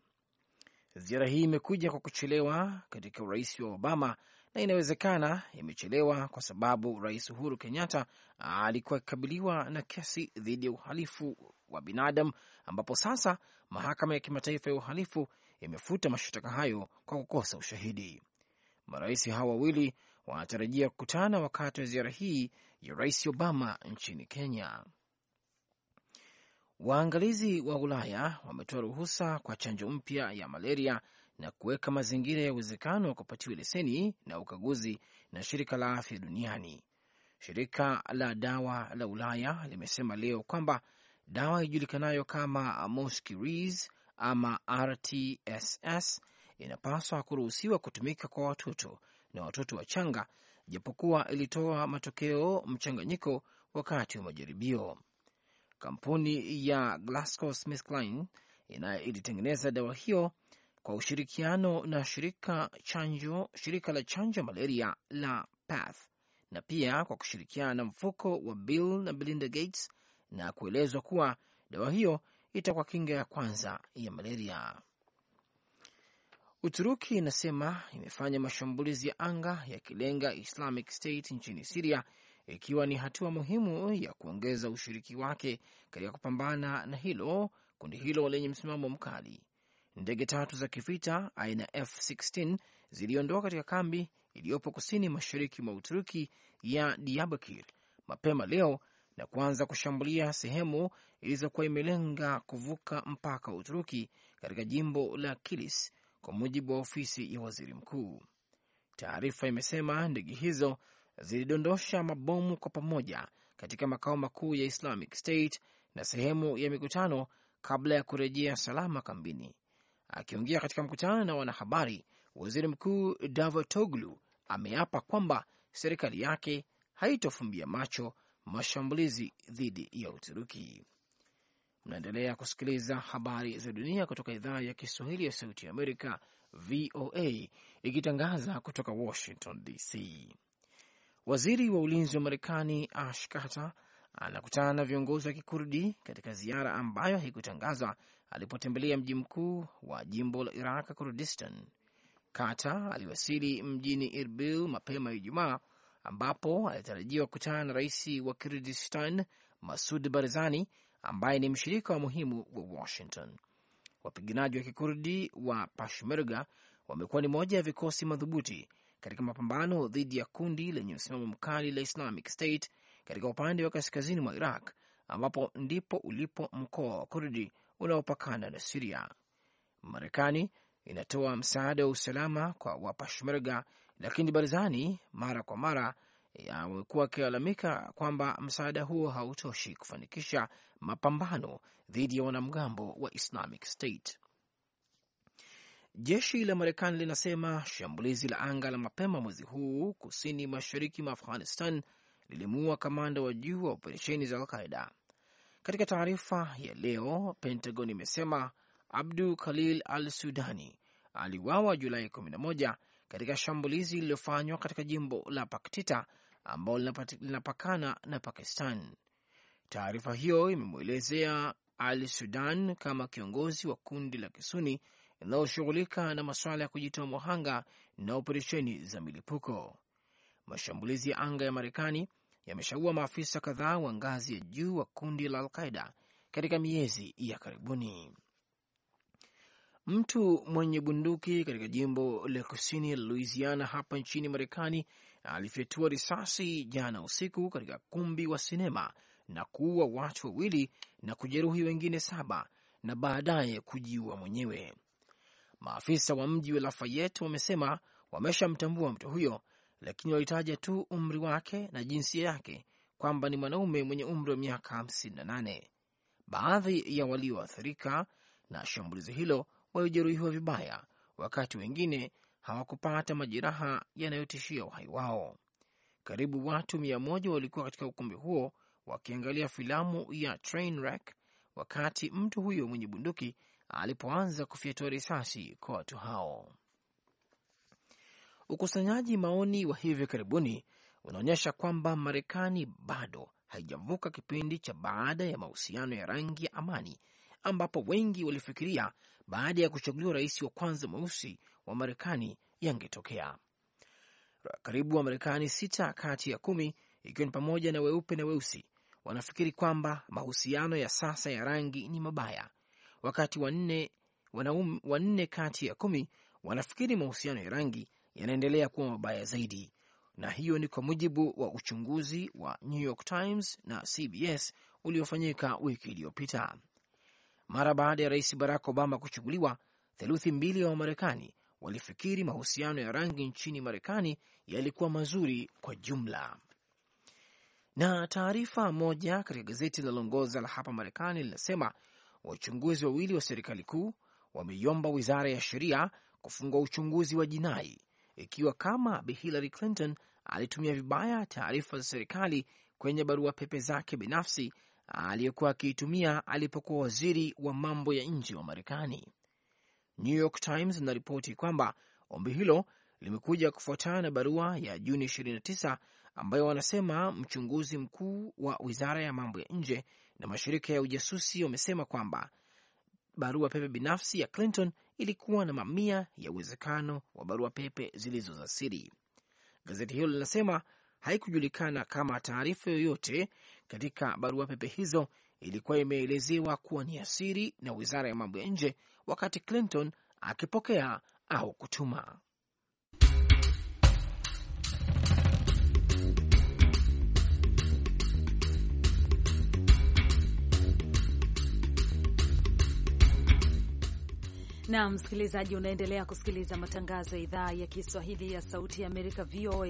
B: Ziara hii imekuja kwa kuchelewa katika urais wa Obama na inawezekana imechelewa kwa sababu Rais Uhuru Kenyatta alikuwa akikabiliwa na kesi dhidi ya uhalifu wa binadamu, ambapo sasa mahakama ya kimataifa ya uhalifu imefuta mashtaka hayo kwa kukosa ushahidi. Marais hawa wawili wanatarajia kukutana wakati wa ziara hii ya Rais Obama nchini Kenya. Waangalizi wa Ulaya wametoa ruhusa kwa chanjo mpya ya malaria na kuweka mazingira ya uwezekano wa kupatiwa leseni na ukaguzi na shirika la afya duniani. Shirika la dawa la Ulaya limesema leo kwamba dawa ijulikanayo kama Amos ama RTSS inapaswa kuruhusiwa kutumika kwa watoto na watoto wachanga, japokuwa ilitoa matokeo mchanganyiko wakati wa majaribio. Kampuni ya GlaxoSmithKline ilitengeneza dawa hiyo kwa ushirikiano na shirika chanjo, shirika la chanjo ya malaria la PATH na pia kwa kushirikiana na mfuko wa Bill na Melinda Gates na kuelezwa kuwa dawa hiyo itakuwa kinga ya kwanza ya malaria. Uturuki inasema imefanya mashambulizi ya anga yakilenga Islamic State nchini Siria ikiwa ni hatua muhimu ya kuongeza ushiriki wake katika kupambana na hilo kundi hilo lenye msimamo mkali. Ndege tatu za kivita aina F16 ziliondoka katika kambi iliyopo kusini mashariki mwa Uturuki ya Diabakir mapema leo na kuanza kushambulia sehemu ilizokuwa imelenga kuvuka mpaka wa Uturuki katika jimbo la Kilis, kwa mujibu wa ofisi ya waziri mkuu. Taarifa imesema ndege hizo zilidondosha mabomu kwa pamoja katika makao makuu ya Islamic State na sehemu ya mikutano kabla ya kurejea salama kambini. Akiongea katika mkutano na wanahabari, waziri mkuu Davutoglu ameapa kwamba serikali yake haitofumbia macho mashambulizi dhidi ya Uturuki. Mnaendelea kusikiliza habari za dunia kutoka idhaa ya Kiswahili ya Sauti ya Amerika, VOA, ikitangaza kutoka Washington DC. Waziri wa ulinzi wa Marekani Ash Carter anakutana na viongozi wa Kikurdi katika ziara ambayo haikutangazwa alipotembelea mji mkuu wa jimbo la Iraq, Kurdistan. Carter aliwasili mjini Irbil mapema Ijumaa, ambapo alitarajiwa kukutana na rais wa Kurdistan Masud Barzani ambaye ni mshirika wa muhimu wa Washington. Wapiganaji wa Kikurdi wa Peshmerga wamekuwa ni moja ya vikosi madhubuti katika mapambano dhidi ya kundi lenye msimamo mkali la Islamic State katika upande wa kaskazini mwa Iraq, ambapo ndipo ulipo mkoa wa Kurdi unaopakana na Siria. Marekani inatoa msaada wa usalama kwa Wapashmerga, lakini Barzani mara kwa mara amekuwa akilalamika kwamba msaada huo hautoshi kufanikisha mapambano dhidi ya wanamgambo wa Islamic State. Jeshi la Marekani linasema shambulizi la anga la mapema mwezi huu kusini mashariki mwa Afghanistan lilimuua kamanda wa juu wa operesheni za Alqaida. Katika taarifa ya leo, Pentagon imesema Abdu Khalil al Sudani aliwawa Julai 11 katika shambulizi lililofanywa katika jimbo la Paktita ambalo linapakana na Pakistan. Taarifa hiyo imemwelezea al Sudan kama kiongozi wa kundi la Kisuni linaloshughulika na masuala ya kujitoa muhanga na operesheni za milipuko. Mashambulizi ya anga ya Marekani yameshaua maafisa kadhaa wa ngazi ya juu wa kundi la Alqaida katika miezi ya karibuni. Mtu mwenye bunduki katika jimbo la kusini la Louisiana hapa nchini Marekani alifyatua risasi jana usiku katika kumbi wa sinema na kuua watu wawili na kujeruhi wengine saba na baadaye kujiua mwenyewe. Maafisa wa mji wa Lafayette wamesema wameshamtambua mtu huyo, lakini walitaja tu umri wake na jinsia yake kwamba ni mwanaume mwenye umri wa miaka 58. Baadhi ya walioathirika na shambulizi hilo walijeruhiwa vibaya, wakati wengine hawakupata majeraha yanayotishia uhai wao. Karibu watu mia moja walikuwa katika ukumbi huo wakiangalia filamu ya Trainwreck wakati mtu huyo mwenye bunduki alipoanza kufyatua risasi kwa watu hao. Ukusanyaji maoni wa hivi karibuni unaonyesha kwamba Marekani bado haijavuka kipindi cha baada ya mahusiano ya rangi ya amani, ambapo wengi walifikiria baada ya kuchaguliwa rais wa kwanza mweusi wa Marekani yangetokea. Karibu Wamarekani sita kati ya kumi, ikiwa ni pamoja na weupe na weusi, wanafikiri kwamba mahusiano ya sasa ya rangi ni mabaya wakati wanne wanne kati ya kumi wanafikiri mahusiano ya rangi yanaendelea kuwa mabaya zaidi, na hiyo ni kwa mujibu wa uchunguzi wa New York Times na CBS uliofanyika wiki iliyopita. Mara baada ya Rais Barack Obama kuchaguliwa, theluthi mbili ya Wamarekani walifikiri mahusiano ya rangi nchini Marekani yalikuwa mazuri kwa jumla. Na taarifa moja katika gazeti linaloongoza la hapa Marekani linasema wachunguzi wawili wa serikali kuu wameiomba wizara ya sheria kufungua uchunguzi wa jinai ikiwa kama Bi Hillary Clinton alitumia vibaya taarifa za serikali kwenye barua pepe zake binafsi aliyekuwa akiitumia alipokuwa waziri wa mambo ya nje wa Marekani. New York Times inaripoti kwamba ombi hilo limekuja kufuatana na barua ya Juni 29 ambayo wanasema mchunguzi mkuu wa wizara ya mambo ya nje na mashirika ya ujasusi wamesema kwamba barua pepe binafsi ya Clinton ilikuwa na mamia ya uwezekano wa barua pepe zilizo za siri. Gazeti hilo linasema haikujulikana kama taarifa yoyote katika barua pepe hizo ilikuwa imeelezewa kuwa ni asiri na wizara ya mambo ya nje wakati Clinton akipokea au kutuma.
A: Na msikilizaji, unaendelea kusikiliza matangazo ya idhaa ya Kiswahili ya Sauti ya Amerika, VOA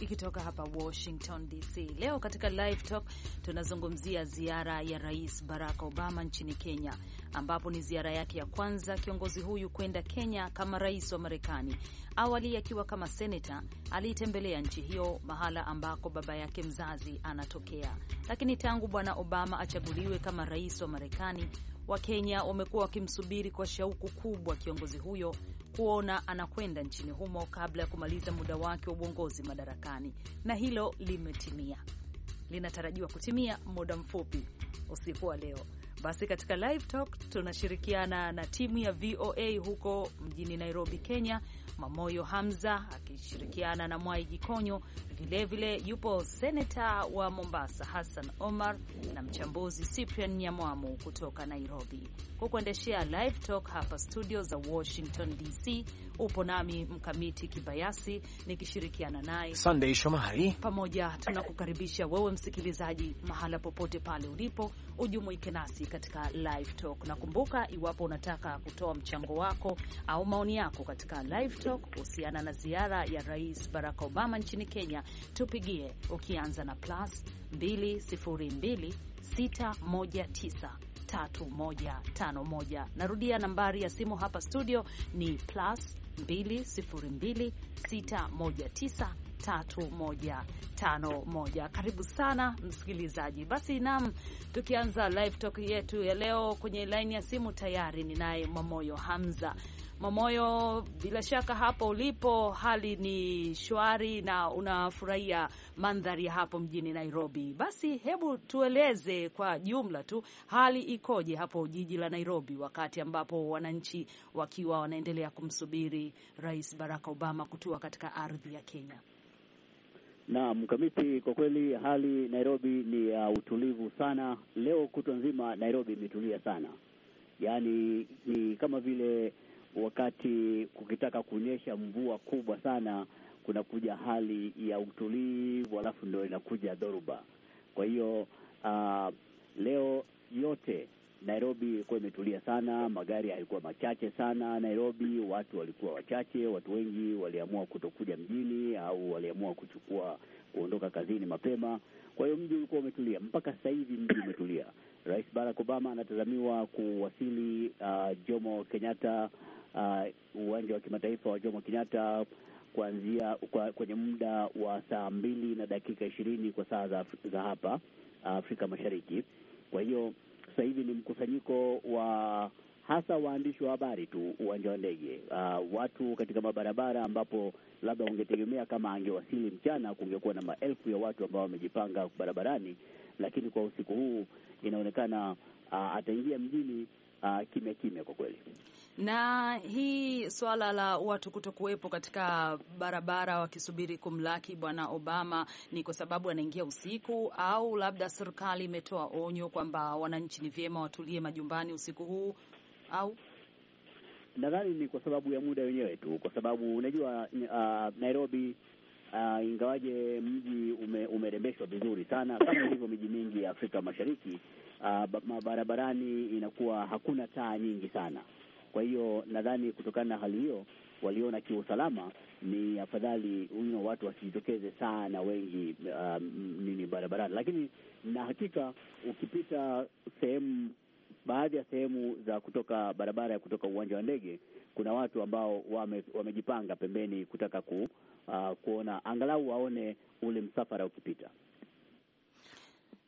A: ikitoka hapa Washington DC. Leo katika live talk tunazungumzia ziara ya Rais Barack Obama nchini Kenya, ambapo ni ziara yake ya kwanza kiongozi huyu kwenda Kenya kama rais wa Marekani. Awali akiwa kama senata aliitembelea nchi hiyo, mahala ambako baba yake mzazi anatokea. Lakini tangu Bwana Obama achaguliwe kama rais wa Marekani, Wakenya wamekuwa wakimsubiri kwa shauku kubwa kiongozi huyo kuona anakwenda nchini humo kabla ya kumaliza muda wake wa uongozi madarakani, na hilo limetimia, linatarajiwa kutimia muda mfupi usiku wa leo. Basi katika live talk tunashirikiana na timu ya VOA huko mjini Nairobi, Kenya, Mamoyo Hamza akishirikiana na Mwai Gikonyo Vilevile vile yupo seneta wa Mombasa Hassan Omar na mchambuzi Cyprian Nyamwamu kutoka Nairobi. Kwa kuendeshea live talk hapa studio za Washington DC, upo nami Mkamiti Kibayasi nikishirikiana naye Sunday Shomari. Pamoja tunakukaribisha wewe msikilizaji, mahala popote pale ulipo, ujumuike nasi katika live talk, na kumbuka, iwapo unataka kutoa mchango wako au maoni yako katika live talk kuhusiana na ziara ya Rais Barack Obama nchini Kenya tupigie ukianza na plus 2026193151. Narudia nambari ya simu hapa studio ni plus 202619 Karibu sana msikilizaji. Basi nam, tukianza live talk yetu ya leo, kwenye laini ya simu tayari ninaye Mwamoyo Hamza mamoyo bila shaka hapo ulipo hali ni shwari na unafurahia mandhari ya hapo mjini Nairobi. Basi hebu tueleze kwa jumla tu hali ikoje hapo jiji la Nairobi, wakati ambapo wananchi wakiwa wanaendelea kumsubiri Rais Barack Obama kutua katika ardhi ya Kenya.
E: Naam, Mkamiti, kwa kweli hali Nairobi ni ya uh, utulivu sana. Leo kutwa nzima Nairobi imetulia sana, yaani ni kama vile wakati kukitaka kunyesha mvua kubwa sana, kunakuja hali ya utulivu, alafu ndo inakuja dhoruba. Kwa hiyo uh, leo yote Nairobi ilikuwa imetulia sana, magari yalikuwa machache sana Nairobi, watu walikuwa wachache. Watu wengi waliamua kutokuja mjini au waliamua kuchukua kuondoka kazini mapema, kwa hiyo mji ulikuwa umetulia. Mpaka sasa hivi mji umetulia. Rais Barack Obama anatazamiwa kuwasili uh, Jomo Kenyatta Uh, uwanja uh, wa kimataifa wa Jomo Kenyatta kuanzia kwa, kwenye muda wa saa mbili na dakika ishirini kwa saa za, za hapa uh, Afrika Mashariki. Kwa hiyo sasa hivi ni mkusanyiko wa hasa waandishi wa habari tu uwanja wa ndege uh, watu katika mabarabara, ambapo labda ungetegemea kama angewasili mchana kungekuwa na maelfu ya watu ambao wamejipanga barabarani, lakini kwa usiku huu inaonekana uh, ataingia mjini uh, kimya kimya kwa kweli.
A: Na hii swala la watu kuto kuwepo katika barabara wakisubiri kumlaki bwana Obama ni kwa sababu anaingia usiku, au labda serikali imetoa onyo kwamba wananchi ni vyema watulie majumbani usiku huu au
E: nadhani ni kwa sababu ya muda wenyewe tu, kwa sababu unajua uh, Nairobi uh, ingawaje mji ume, umerembeshwa vizuri sana kama ilivyo miji mingi ya Afrika Mashariki uh, barabarani inakuwa hakuna taa nyingi sana kwa hiyo nadhani kutokana na hali hiyo waliona kiusalama ni afadhali huyo watu wasijitokeze sana wengi um, nini barabarani, lakini na hakika ukipita sehemu baadhi ya sehemu za kutoka barabara ya kutoka uwanja wa ndege kuna watu ambao wame, wamejipanga pembeni kutaka ku, uh, kuona angalau waone ule msafara ukipita.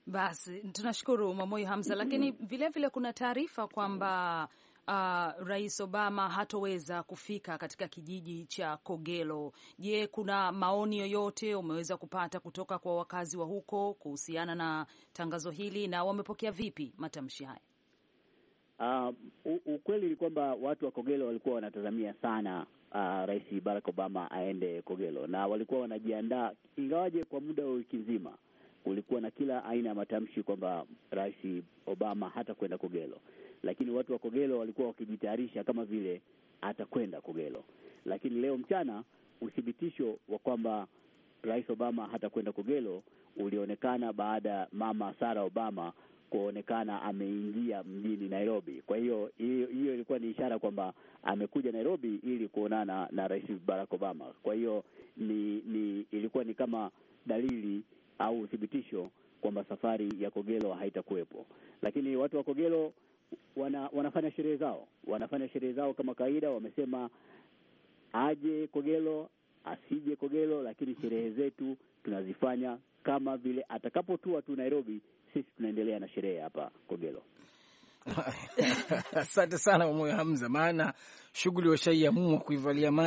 A: Basi tunashukuru Mamoyo Hamza, lakini vilevile mm-hmm. vile kuna taarifa kwamba mm -hmm uh, Rais Obama hatoweza kufika katika kijiji cha Kogelo. Je, kuna maoni yoyote umeweza kupata kutoka kwa wakazi wa huko kuhusiana na tangazo hili na wamepokea vipi matamshi haya?
E: Uh, ukweli ni kwamba watu wa Kogelo walikuwa wanatazamia sana uh, Rais Barack Obama aende Kogelo na walikuwa wanajiandaa ingawaje kwa muda wa wiki nzima kulikuwa na kila aina ya matamshi kwamba Rais Obama hatakwenda Kogelo, lakini watu wa Kogelo walikuwa wakijitayarisha kama vile atakwenda Kogelo. Lakini leo mchana uthibitisho wa kwamba Rais Obama hatakwenda Kogelo ulionekana baada ya Mama sara Obama kuonekana ameingia mjini Nairobi. Kwa hiyo hiyo ilikuwa ni ishara kwamba amekuja Nairobi ili kuonana na Rais Barack Obama. Kwa hiyo ni, ni ilikuwa ni kama dalili au uthibitisho kwamba safari ya Kogelo haitakuwepo. Lakini watu wa Kogelo wana, wanafanya sherehe zao, wanafanya sherehe zao kama kawaida. Wamesema aje Kogelo asije Kogelo, lakini sherehe zetu tunazifanya kama vile atakapotua tu Nairobi, sisi tunaendelea na sherehe hapa Kogelo.
B: <laughs> Asante sana Mwamoyo Hamza, maana shughuli washaiamua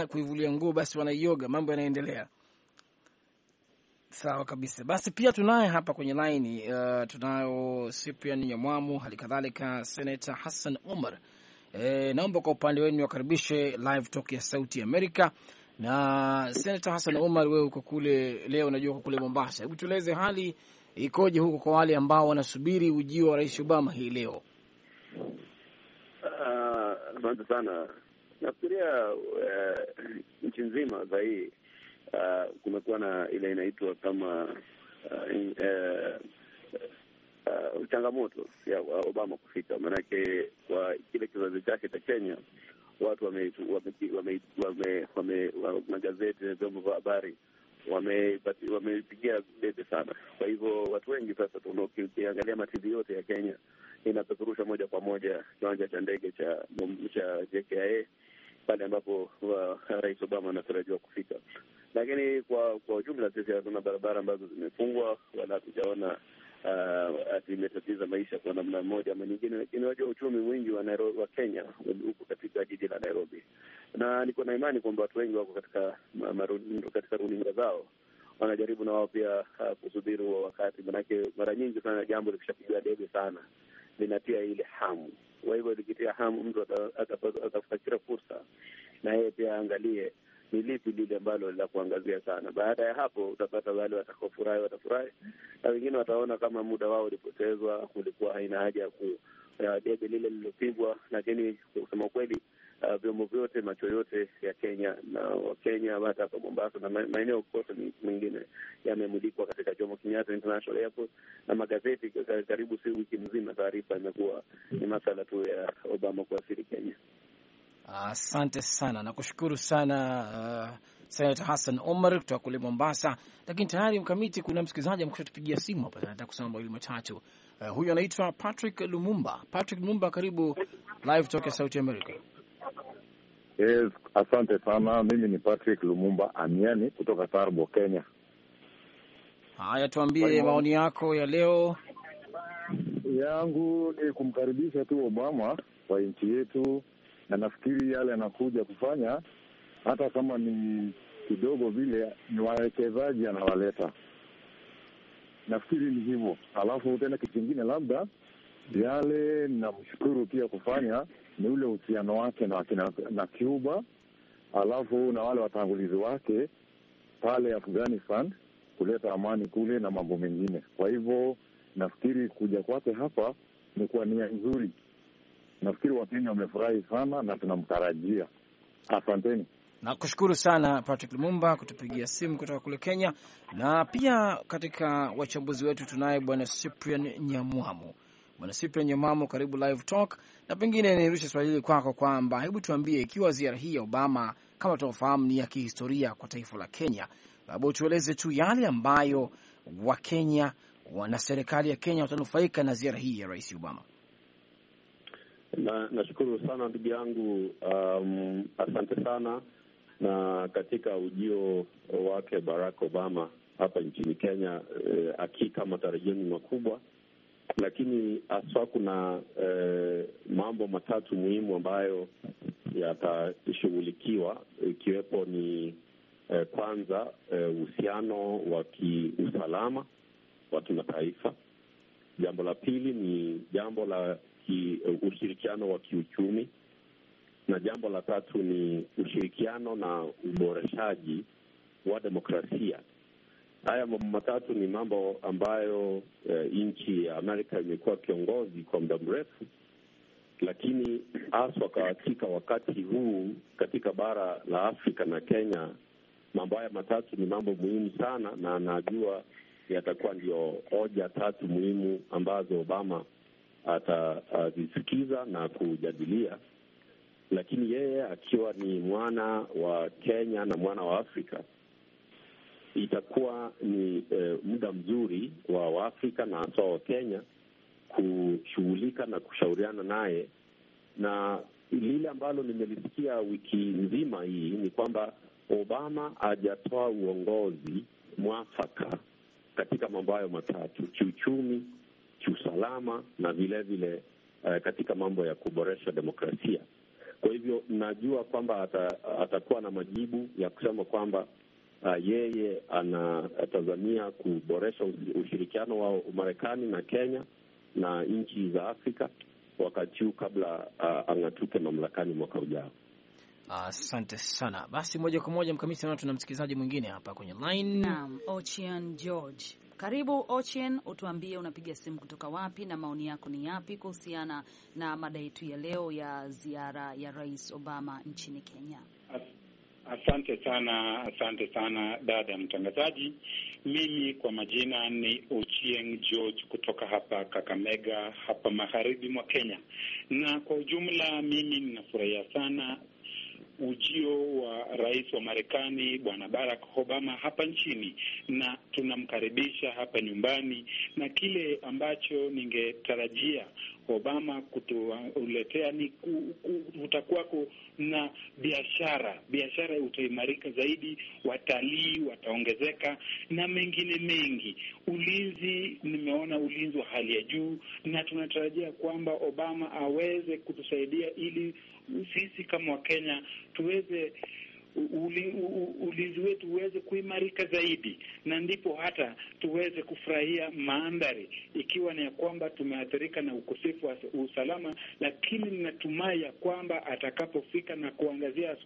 B: kuivulia nguo, basi wanaioga, mambo yanaendelea. Sawa kabisa. Basi pia tunaye hapa kwenye laini uh, tunayo Cyprian Nyamwamu, hali kadhalika Senata Hassan Omar. E, naomba kwa upande wenu niwakaribishe live talk ya Sauti Amerika. Na Senata Hassan Omar, wewe uko kule leo, unajua uko kule Mombasa, hebu tueleze hali ikoje huko kwa wale ambao wanasubiri ujio wa Rais Obama hii leo?
D: Ah, asante uh, sana. Nafikiria uh, nchi nzima za hii uh, kumekuwa na ile inaitwa kama uh, in, uh, uh, changamoto ya Obama kufika, maanake kwa kile kizazi chake cha Kenya watu magazeti na vyombo vya habari wamepigia wame debe sana. Kwa hivyo watu wengi sasa, ukiangalia mativi yote ya Kenya inapeperusha moja kwa moja kiwanja cha ndege cha JKIA pale ambapo uh, Rais Obama anatarajiwa kufika lakini kwa kwa ujumla sisi hatuna barabara ambazo zimefungwa wala hatujaona uh, ati imetatiza maisha kwa namna moja ama nyingine, lakini wajua uchumi mwingi wa Nairobi, wa Kenya huko katika jiji la Nairobi, na niko na imani kwamba watu wengi wako katika marundo, katika runinga zao wanajaribu na wao pia uh, kusubiri wa wakati, manake mara nyingi sana jambo likishapigiwa debe sana linatia ile hamu. Kwa hivyo likitia hamu, mtu atafutakira fursa na yeye pia aangalie ni lipi lile ambalo la kuangazia sana. Baada ya hapo, utapata wale watakaofurahi watafurahi, na wengine wataona kama muda wao ulipotezwa, kulikuwa haina haja ya debe lile lililopigwa. Lakini kusema kweli, uh, vyombo vyote, macho yote ya Kenya na Wakenya hata hapa Mombasa na maeneo kote mengine yamemulikwa katika Jomo Kenyatta International Airport, na magazeti karibu si wiki mzima, taarifa imekuwa ni masala tu ya Obama kuwasili Kenya.
B: Ah, asante uh, sana nakushukuru sana uh, Senator Hassan Omar kutoka kule Mombasa. Lakini tayari mkamiti, kuna msikilizaji amekusha tupigia simu hapa, nataka kusema mawili matatu. Uh, huyu anaitwa Patrick Lumumba. Patrick Lumumba, karibu live toka Sauti America.
C: Yes, asante sana. Mimi ni Patrick Lumumba Amiani kutoka Tarbo, Kenya.
B: Haya, tuambie maoni yako ya leo. Yangu ni kumkaribisha tu Obama
C: kwa nchi yetu na nafikiri yale anakuja kufanya hata kama ni kidogo vile, ni wawekezaji anawaleta, nafikiri ni hivyo. Alafu tena kitu kingine, labda yale namshukuru pia kufanya ni ule uhusiano wake na, na, na Cuba alafu na wale watangulizi wake pale Afghanistan kuleta amani kule na mambo mengine. Kwa hivyo nafikiri kuja kwake hapa ni kwa nia nzuri, Nafikiri Wakenya wamefurahi sana na tunamtarajia. Asanteni.
B: Nakushukuru sana Patrick Lumumba kutupigia simu kutoka kule Kenya, na pia katika wachambuzi wetu tunaye bwana Cyprian Nyamwamu. Bwana Cyprian Nyamwamu, karibu Live Talk, na pengine nirushe swali hili kwako kwamba hebu tuambie ikiwa ziara hii ya Obama kama tunavyofahamu ni ya kihistoria kwa taifa la Kenya, labda tueleze tu yale ambayo Wakenya na serikali ya Kenya watanufaika na ziara hii ya Rais Obama.
F: Na nashukuru sana ndugu yangu, um, asante sana. Na katika ujio wake Barack Obama hapa nchini Kenya, eh, hakika matarajio ni makubwa, lakini haswa kuna eh, mambo matatu muhimu ambayo yatashughulikiwa ikiwepo ni eh, kwanza eh, uhusiano eh, wa kiusalama wa kimataifa. Jambo la pili ni jambo la ki, ushirikiano wa kiuchumi, na jambo la tatu ni ushirikiano na uboreshaji wa demokrasia. Haya mambo matatu ni mambo ambayo e, nchi ya Amerika imekuwa kiongozi kwa muda mrefu, lakini haswa katika wakati huu katika bara la Afrika na Kenya, mambo haya matatu ni mambo muhimu sana, na najua yatakuwa ndio hoja tatu muhimu ambazo Obama atazisikiza na kujadilia, lakini yeye akiwa ni mwana wa Kenya na mwana wa Afrika itakuwa ni e, muda mzuri wa Waafrika na hasa wa Kenya kushughulika na kushauriana naye, na lile ambalo nimelisikia wiki nzima hii ni kwamba Obama hajatoa uongozi mwafaka katika mambo hayo matatu: kiuchumi, kiusalama na vilevile vile, uh, katika mambo ya kuboresha demokrasia. Kwa hivyo najua kwamba ata, atakuwa na majibu ya kusema kwamba uh, yeye anatazamia kuboresha ushirikiano wa Marekani na Kenya na nchi za Afrika wakati huu kabla uh, ang'atuke mamlakani mwaka ujao.
B: Asante uh, sana. Basi moja kwa moja mkamisi, naona tuna msikilizaji mwingine hapa kwenye line. Naam, George karibu
A: Ochen, utuambie unapiga simu kutoka wapi na maoni yako ni yapi kuhusiana na mada yetu ya leo ya ziara ya Rais Obama nchini Kenya?
G: Asante sana, asante sana dada mtangazaji. Mimi kwa majina ni Ochieng George kutoka hapa Kakamega, hapa magharibi mwa Kenya, na kwa ujumla mimi ninafurahia sana ujio wa rais wa Marekani Bwana Barack Obama hapa nchini na tunamkaribisha hapa nyumbani, na kile ambacho ningetarajia Obama kutuletea ni kutakuwako na biashara, biashara utaimarika zaidi, watalii wataongezeka na mengine mengi. Ulinzi, nimeona ulinzi wa hali ya juu, na tunatarajia kwamba Obama aweze kutusaidia ili sisi kama Wakenya tuweze ulinzi wetu uweze kuimarika zaidi, na ndipo hata tuweze kufurahia mandhari ikiwa ni ya kwamba tumeathirika na ukosefu wa usalama. Lakini ninatumai ya kwamba atakapofika na kuangazia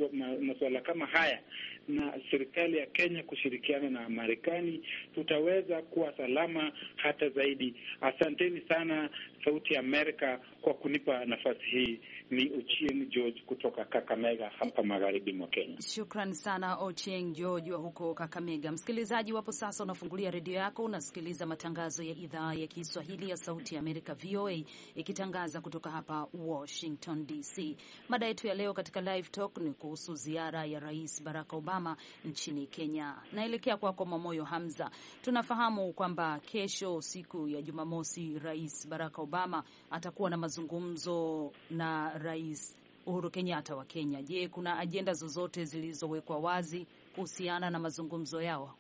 G: masuala kama haya na serikali ya Kenya kushirikiana na Marekani, tutaweza kuwa salama hata zaidi. Asanteni sana Sauti ya Amerika kwa kunipa nafasi hii. Ni Ochieng George kutoka Kakamega hapa magharibi mwa Kenya.
A: Shukran sana Ochieng George wa huko Kakamega. Msikilizaji wapo sasa, unafungulia redio yako, unasikiliza matangazo ya idhaa ya Kiswahili ya Sauti ya Amerika, VOA, ikitangaza kutoka hapa Washington DC. Mada yetu ya leo katika Live Talk ni kuhusu ziara ya Rais Barack Obama nchini Kenya. Naelekea kwako Mamoyo Hamza. Tunafahamu kwamba kesho, siku ya Jumamosi, Rais Barack Obama Obama atakuwa na mazungumzo na Rais Uhuru Kenyatta wa Kenya. Je, kuna ajenda zozote zilizowekwa wazi kuhusiana na mazungumzo yao?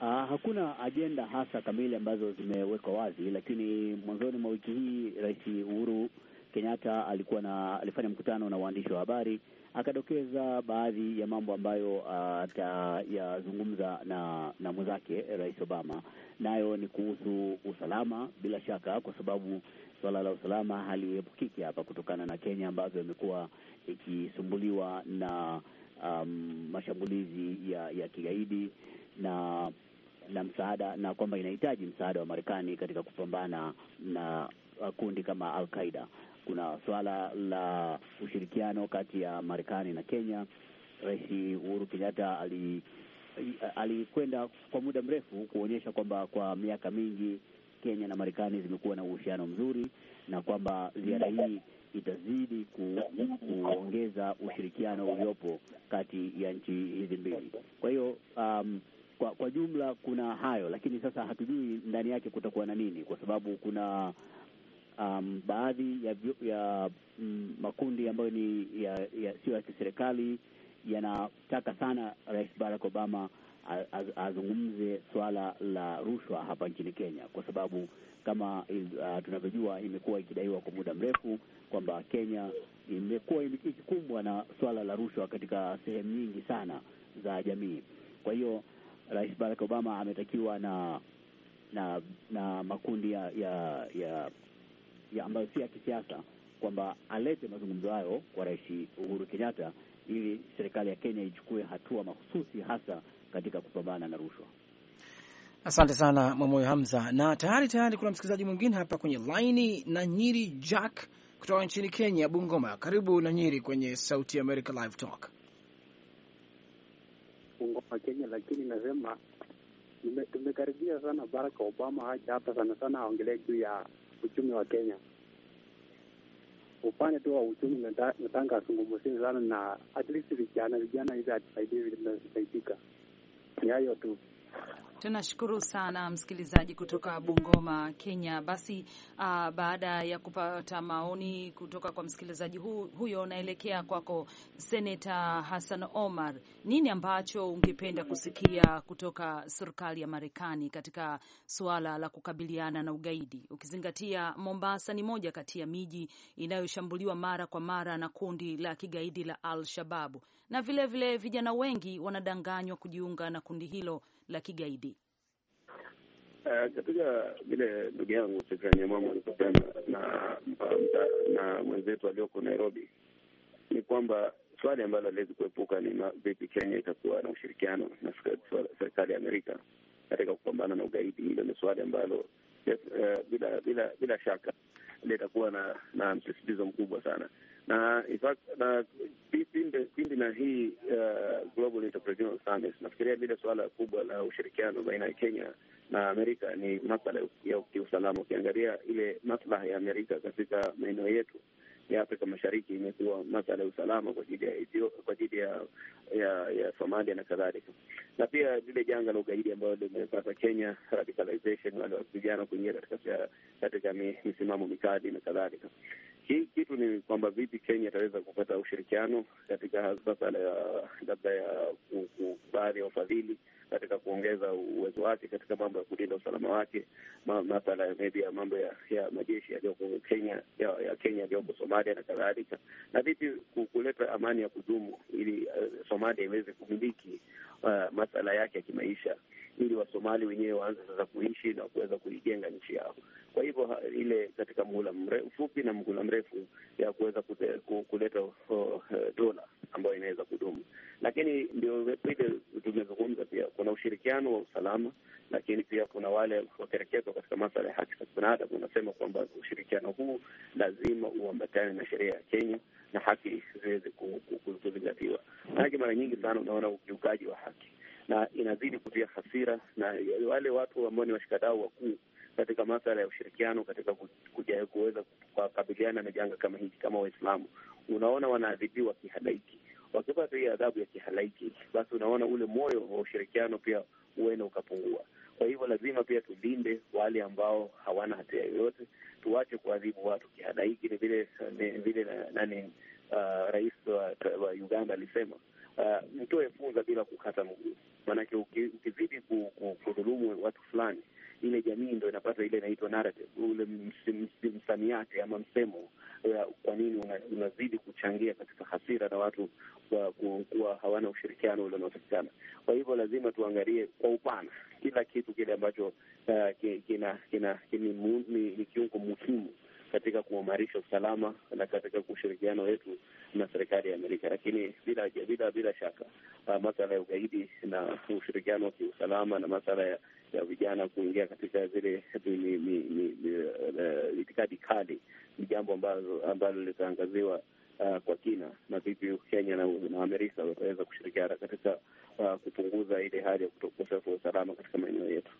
E: Uh, hakuna ajenda hasa kamili ambazo zimewekwa wazi, lakini mwanzoni mwa wiki hii Rais Uhuru Kenyatta alikuwa na alifanya mkutano na waandishi wa habari akadokeza baadhi ya mambo ambayo uh, atayazungumza na, na mwenzake eh, Rais Obama, nayo ni kuhusu usalama, bila shaka, kwa sababu suala la usalama haliepukiki hapa kutokana na Kenya ambavyo imekuwa ikisumbuliwa na um, mashambulizi ya, ya kigaidi na na msaada na kwamba inahitaji msaada wa Marekani katika kupambana na uh, kundi kama Al Qaida. Kuna suala la ushirikiano kati ya Marekani na Kenya. Rais Uhuru Kenyatta ali alikwenda kwa muda mrefu kuonyesha kwamba kwa miaka mingi Kenya na Marekani zimekuwa na uhusiano mzuri na kwamba ziara hii itazidi ku, kuongeza ushirikiano uliopo kati ya nchi hizi mbili. Kwa hiyo um, kwa, kwa jumla kuna hayo, lakini sasa hatujui ndani yake kutakuwa na nini, kwa sababu kuna um, baadhi ya, ya mm, makundi ambayo ni sio ya kiserikali yanataka sana Rais Barack Obama azungumze swala la rushwa hapa nchini Kenya, kwa sababu kama uh, tunavyojua imekuwa ikidaiwa kwa muda mrefu kwamba Kenya imekuwa ikikumbwa na swala la rushwa katika sehemu nyingi sana za jamii. Kwa hiyo Rais Barack Obama ametakiwa na na na makundi ya ya, ya ya ambayo si ya kisiasa, kwamba alete mazungumzo hayo kwa Rais Uhuru Kenyatta ili serikali ya Kenya ichukue
B: hatua mahususi hasa katika kupambana na rushwa. Asante sana Mwamoyo Hamza. Na tayari tayari kuna msikilizaji mwingine hapa kwenye laini na Nyiri Jack kutoka nchini Kenya, Bungoma. Karibu na Nyiri kwenye Sauti America Live Talk.
D: Bungoma, Kenya, lakini nasema tumekaribia sana Barack Obama, hata hapa sana sana aongelee juu ya uchumi wa Kenya. Upande tu wa uchumi, nataka azungumzie sana na at least vijana vijana hizi atusaidie vile tunasaidika, ni hayo tu.
A: Tunashukuru sana msikilizaji kutoka Bungoma, Kenya. Basi uh, baada ya kupata maoni kutoka kwa msikilizaji hu, huyo, naelekea kwako Senata Hassan Omar. Nini ambacho ungependa kusikia kutoka serikali ya Marekani katika suala la kukabiliana na ugaidi, ukizingatia Mombasa ni moja kati ya miji inayoshambuliwa mara kwa mara na kundi la kigaidi la Al Shababu, na vilevile vile vijana wengi wanadanganywa kujiunga na kundi hilo la kigaidi.
D: Uh, katika vile ndugu yangu Sefrani Amamo alivyosema na na mwenzetu alioko Nairobi ni kwamba swali ambalo aliwezi kuepuka ni vipi Kenya itakuwa na ushirikiano na serikali ya Amerika katika kupambana na ugaidi. Hilo ni swali ambalo yes, uh, bila bila bila shaka litakuwa na na msisitizo mkubwa sana na kipindi na hii uh, Global Entrepreneurial Summit, nafikiria lile suala kubwa la ushirikiano baina ya Kenya na Amerika ni masala ya kiusalama. Ukiangalia ile maslaha ya Amerika katika maeneo yetu ya Afrika Mashariki imekuwa masala ya usalama kwa ajili ya kwa ajili ya, ya, ya Somalia na kadhalika, na pia lile janga la ugaidi ambayo limepata Kenya, radicalization, wale vijana kuingia katika katika misimamo mikali na kadhalika. Hii kitu ni kwamba vipi Kenya itaweza kupata ushirikiano katika masala ya labda ya baadhi ya ufadhili katika kuongeza uwezo wake katika mambo ya kulinda usalama wake, masala ya maybe ya mambo ya, ya majeshi yaliyoko Kenya ya, ya Kenya yaliyoko Somalia na kadhalika, na vipi kuleta amani ya kudumu ili uh, Somalia iweze kumiliki uh, eh, masala yake ya kimaisha ili Wasomali wenyewe waanze sasa kuishi na kuweza kuijenga nchi yao. Kwa hivyo ile katika muhula mfupi na mhula mrefu ya kuweza kuleta uh, dola ambayo inaweza kudumu, lakini ndio vile tumezungumza, pia kuna ushirikiano wa usalama, lakini pia kuna wale wakerekezwa katika masala ya haki za kibinadamu wanasema kwamba ushirikiano huu lazima uambatane na sheria ya Kenya na haki ziweze kuzingatiwa, manake mara nyingi sana unaona ukiukaji wa haki na inazidi kutia hasira, na wale watu ambao ni washikadau wakuu katika masala ya ushirikiano katika kuja kuweza kukabiliana na janga kama hiki, kama Waislamu unaona wanaadhibiwa kihalaiki. Wakipata hii adhabu ya kihalaiki, basi unaona ule moyo wa ushirikiano pia huenda ukapungua. Kwa hivyo lazima pia tulinde wale ambao hawana hatia yoyote, tuwache kuadhibu watu kihalaiki. Ni vile nani, uh, rais wa, wa Uganda alisema uh, eh, mtoe funza bila kukata mguu, maanake ukizidi kudhulumu watu fulani, ile jamii ndo inapata ile inaitwa narrative, ule msamiati ama msemo kwa nini unazidi kuchangia katika hasira na watu kuwa hawana ushirikiano ule unaotakikana. Kwa hivyo lazima tuangalie kwa upana kila kitu kile ambacho uh, kina, kina, kina, kina, ni kiungo muhimu katika kuimarisha usalama na katika ushirikiano wetu na serikali ya Amerika. Lakini bila bila bila shaka uh, masala ya ugaidi na ushirikiano wa kiusalama na masala ya, ya vijana kuingia katika zile uh, itikadi kali ni jambo ambalo litaangaziwa Uh, kwa kina na vipi Kenya na, na Amerika wataweza kushirikiana katika uh, kupunguza ile hali ya kutokosa kwa usalama katika maeneo yetu.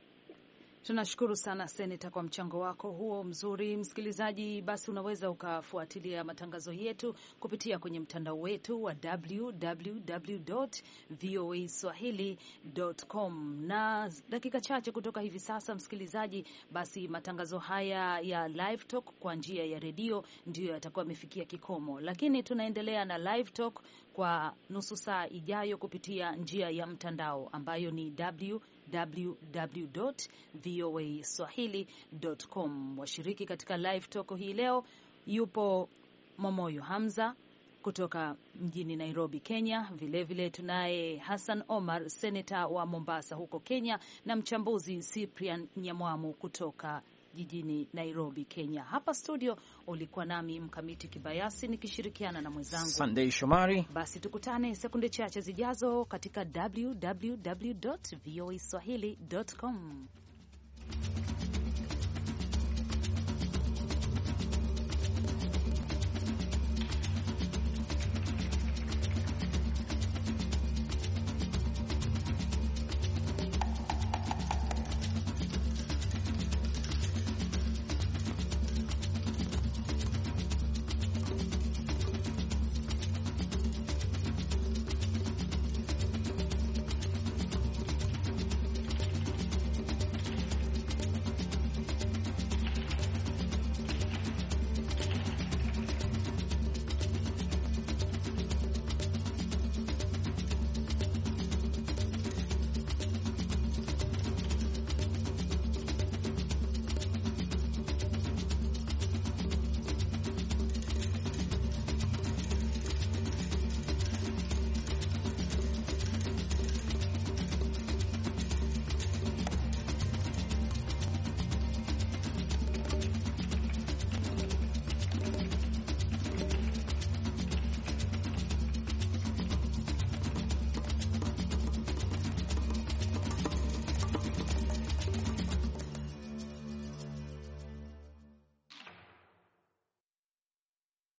A: Tunashukuru sana seneta kwa mchango wako huo mzuri. Msikilizaji, basi unaweza ukafuatilia matangazo yetu kupitia kwenye mtandao wetu wa voa swahilicom Na dakika chache kutoka hivi sasa, msikilizaji, basi matangazo haya ya Live Talk kwa njia ya redio ndiyo yatakuwa yamefikia kikomo, lakini tunaendelea na Live Talk kwa nusu saa ijayo kupitia njia ya mtandao ambayo ni w www.voaswahili.com. Washiriki katika live talk hii leo yupo Momoyo Hamza kutoka mjini Nairobi, Kenya. Vilevile tunaye Hassan Omar, seneta wa Mombasa huko Kenya, na mchambuzi Cyprian Nyamwamu kutoka jijini Nairobi, Kenya. Hapa studio ulikuwa nami Mkamiti Kibayasi nikishirikiana na mwenzangu Sandei Shomari. Basi tukutane sekunde chache zijazo katika www voa swahili.com.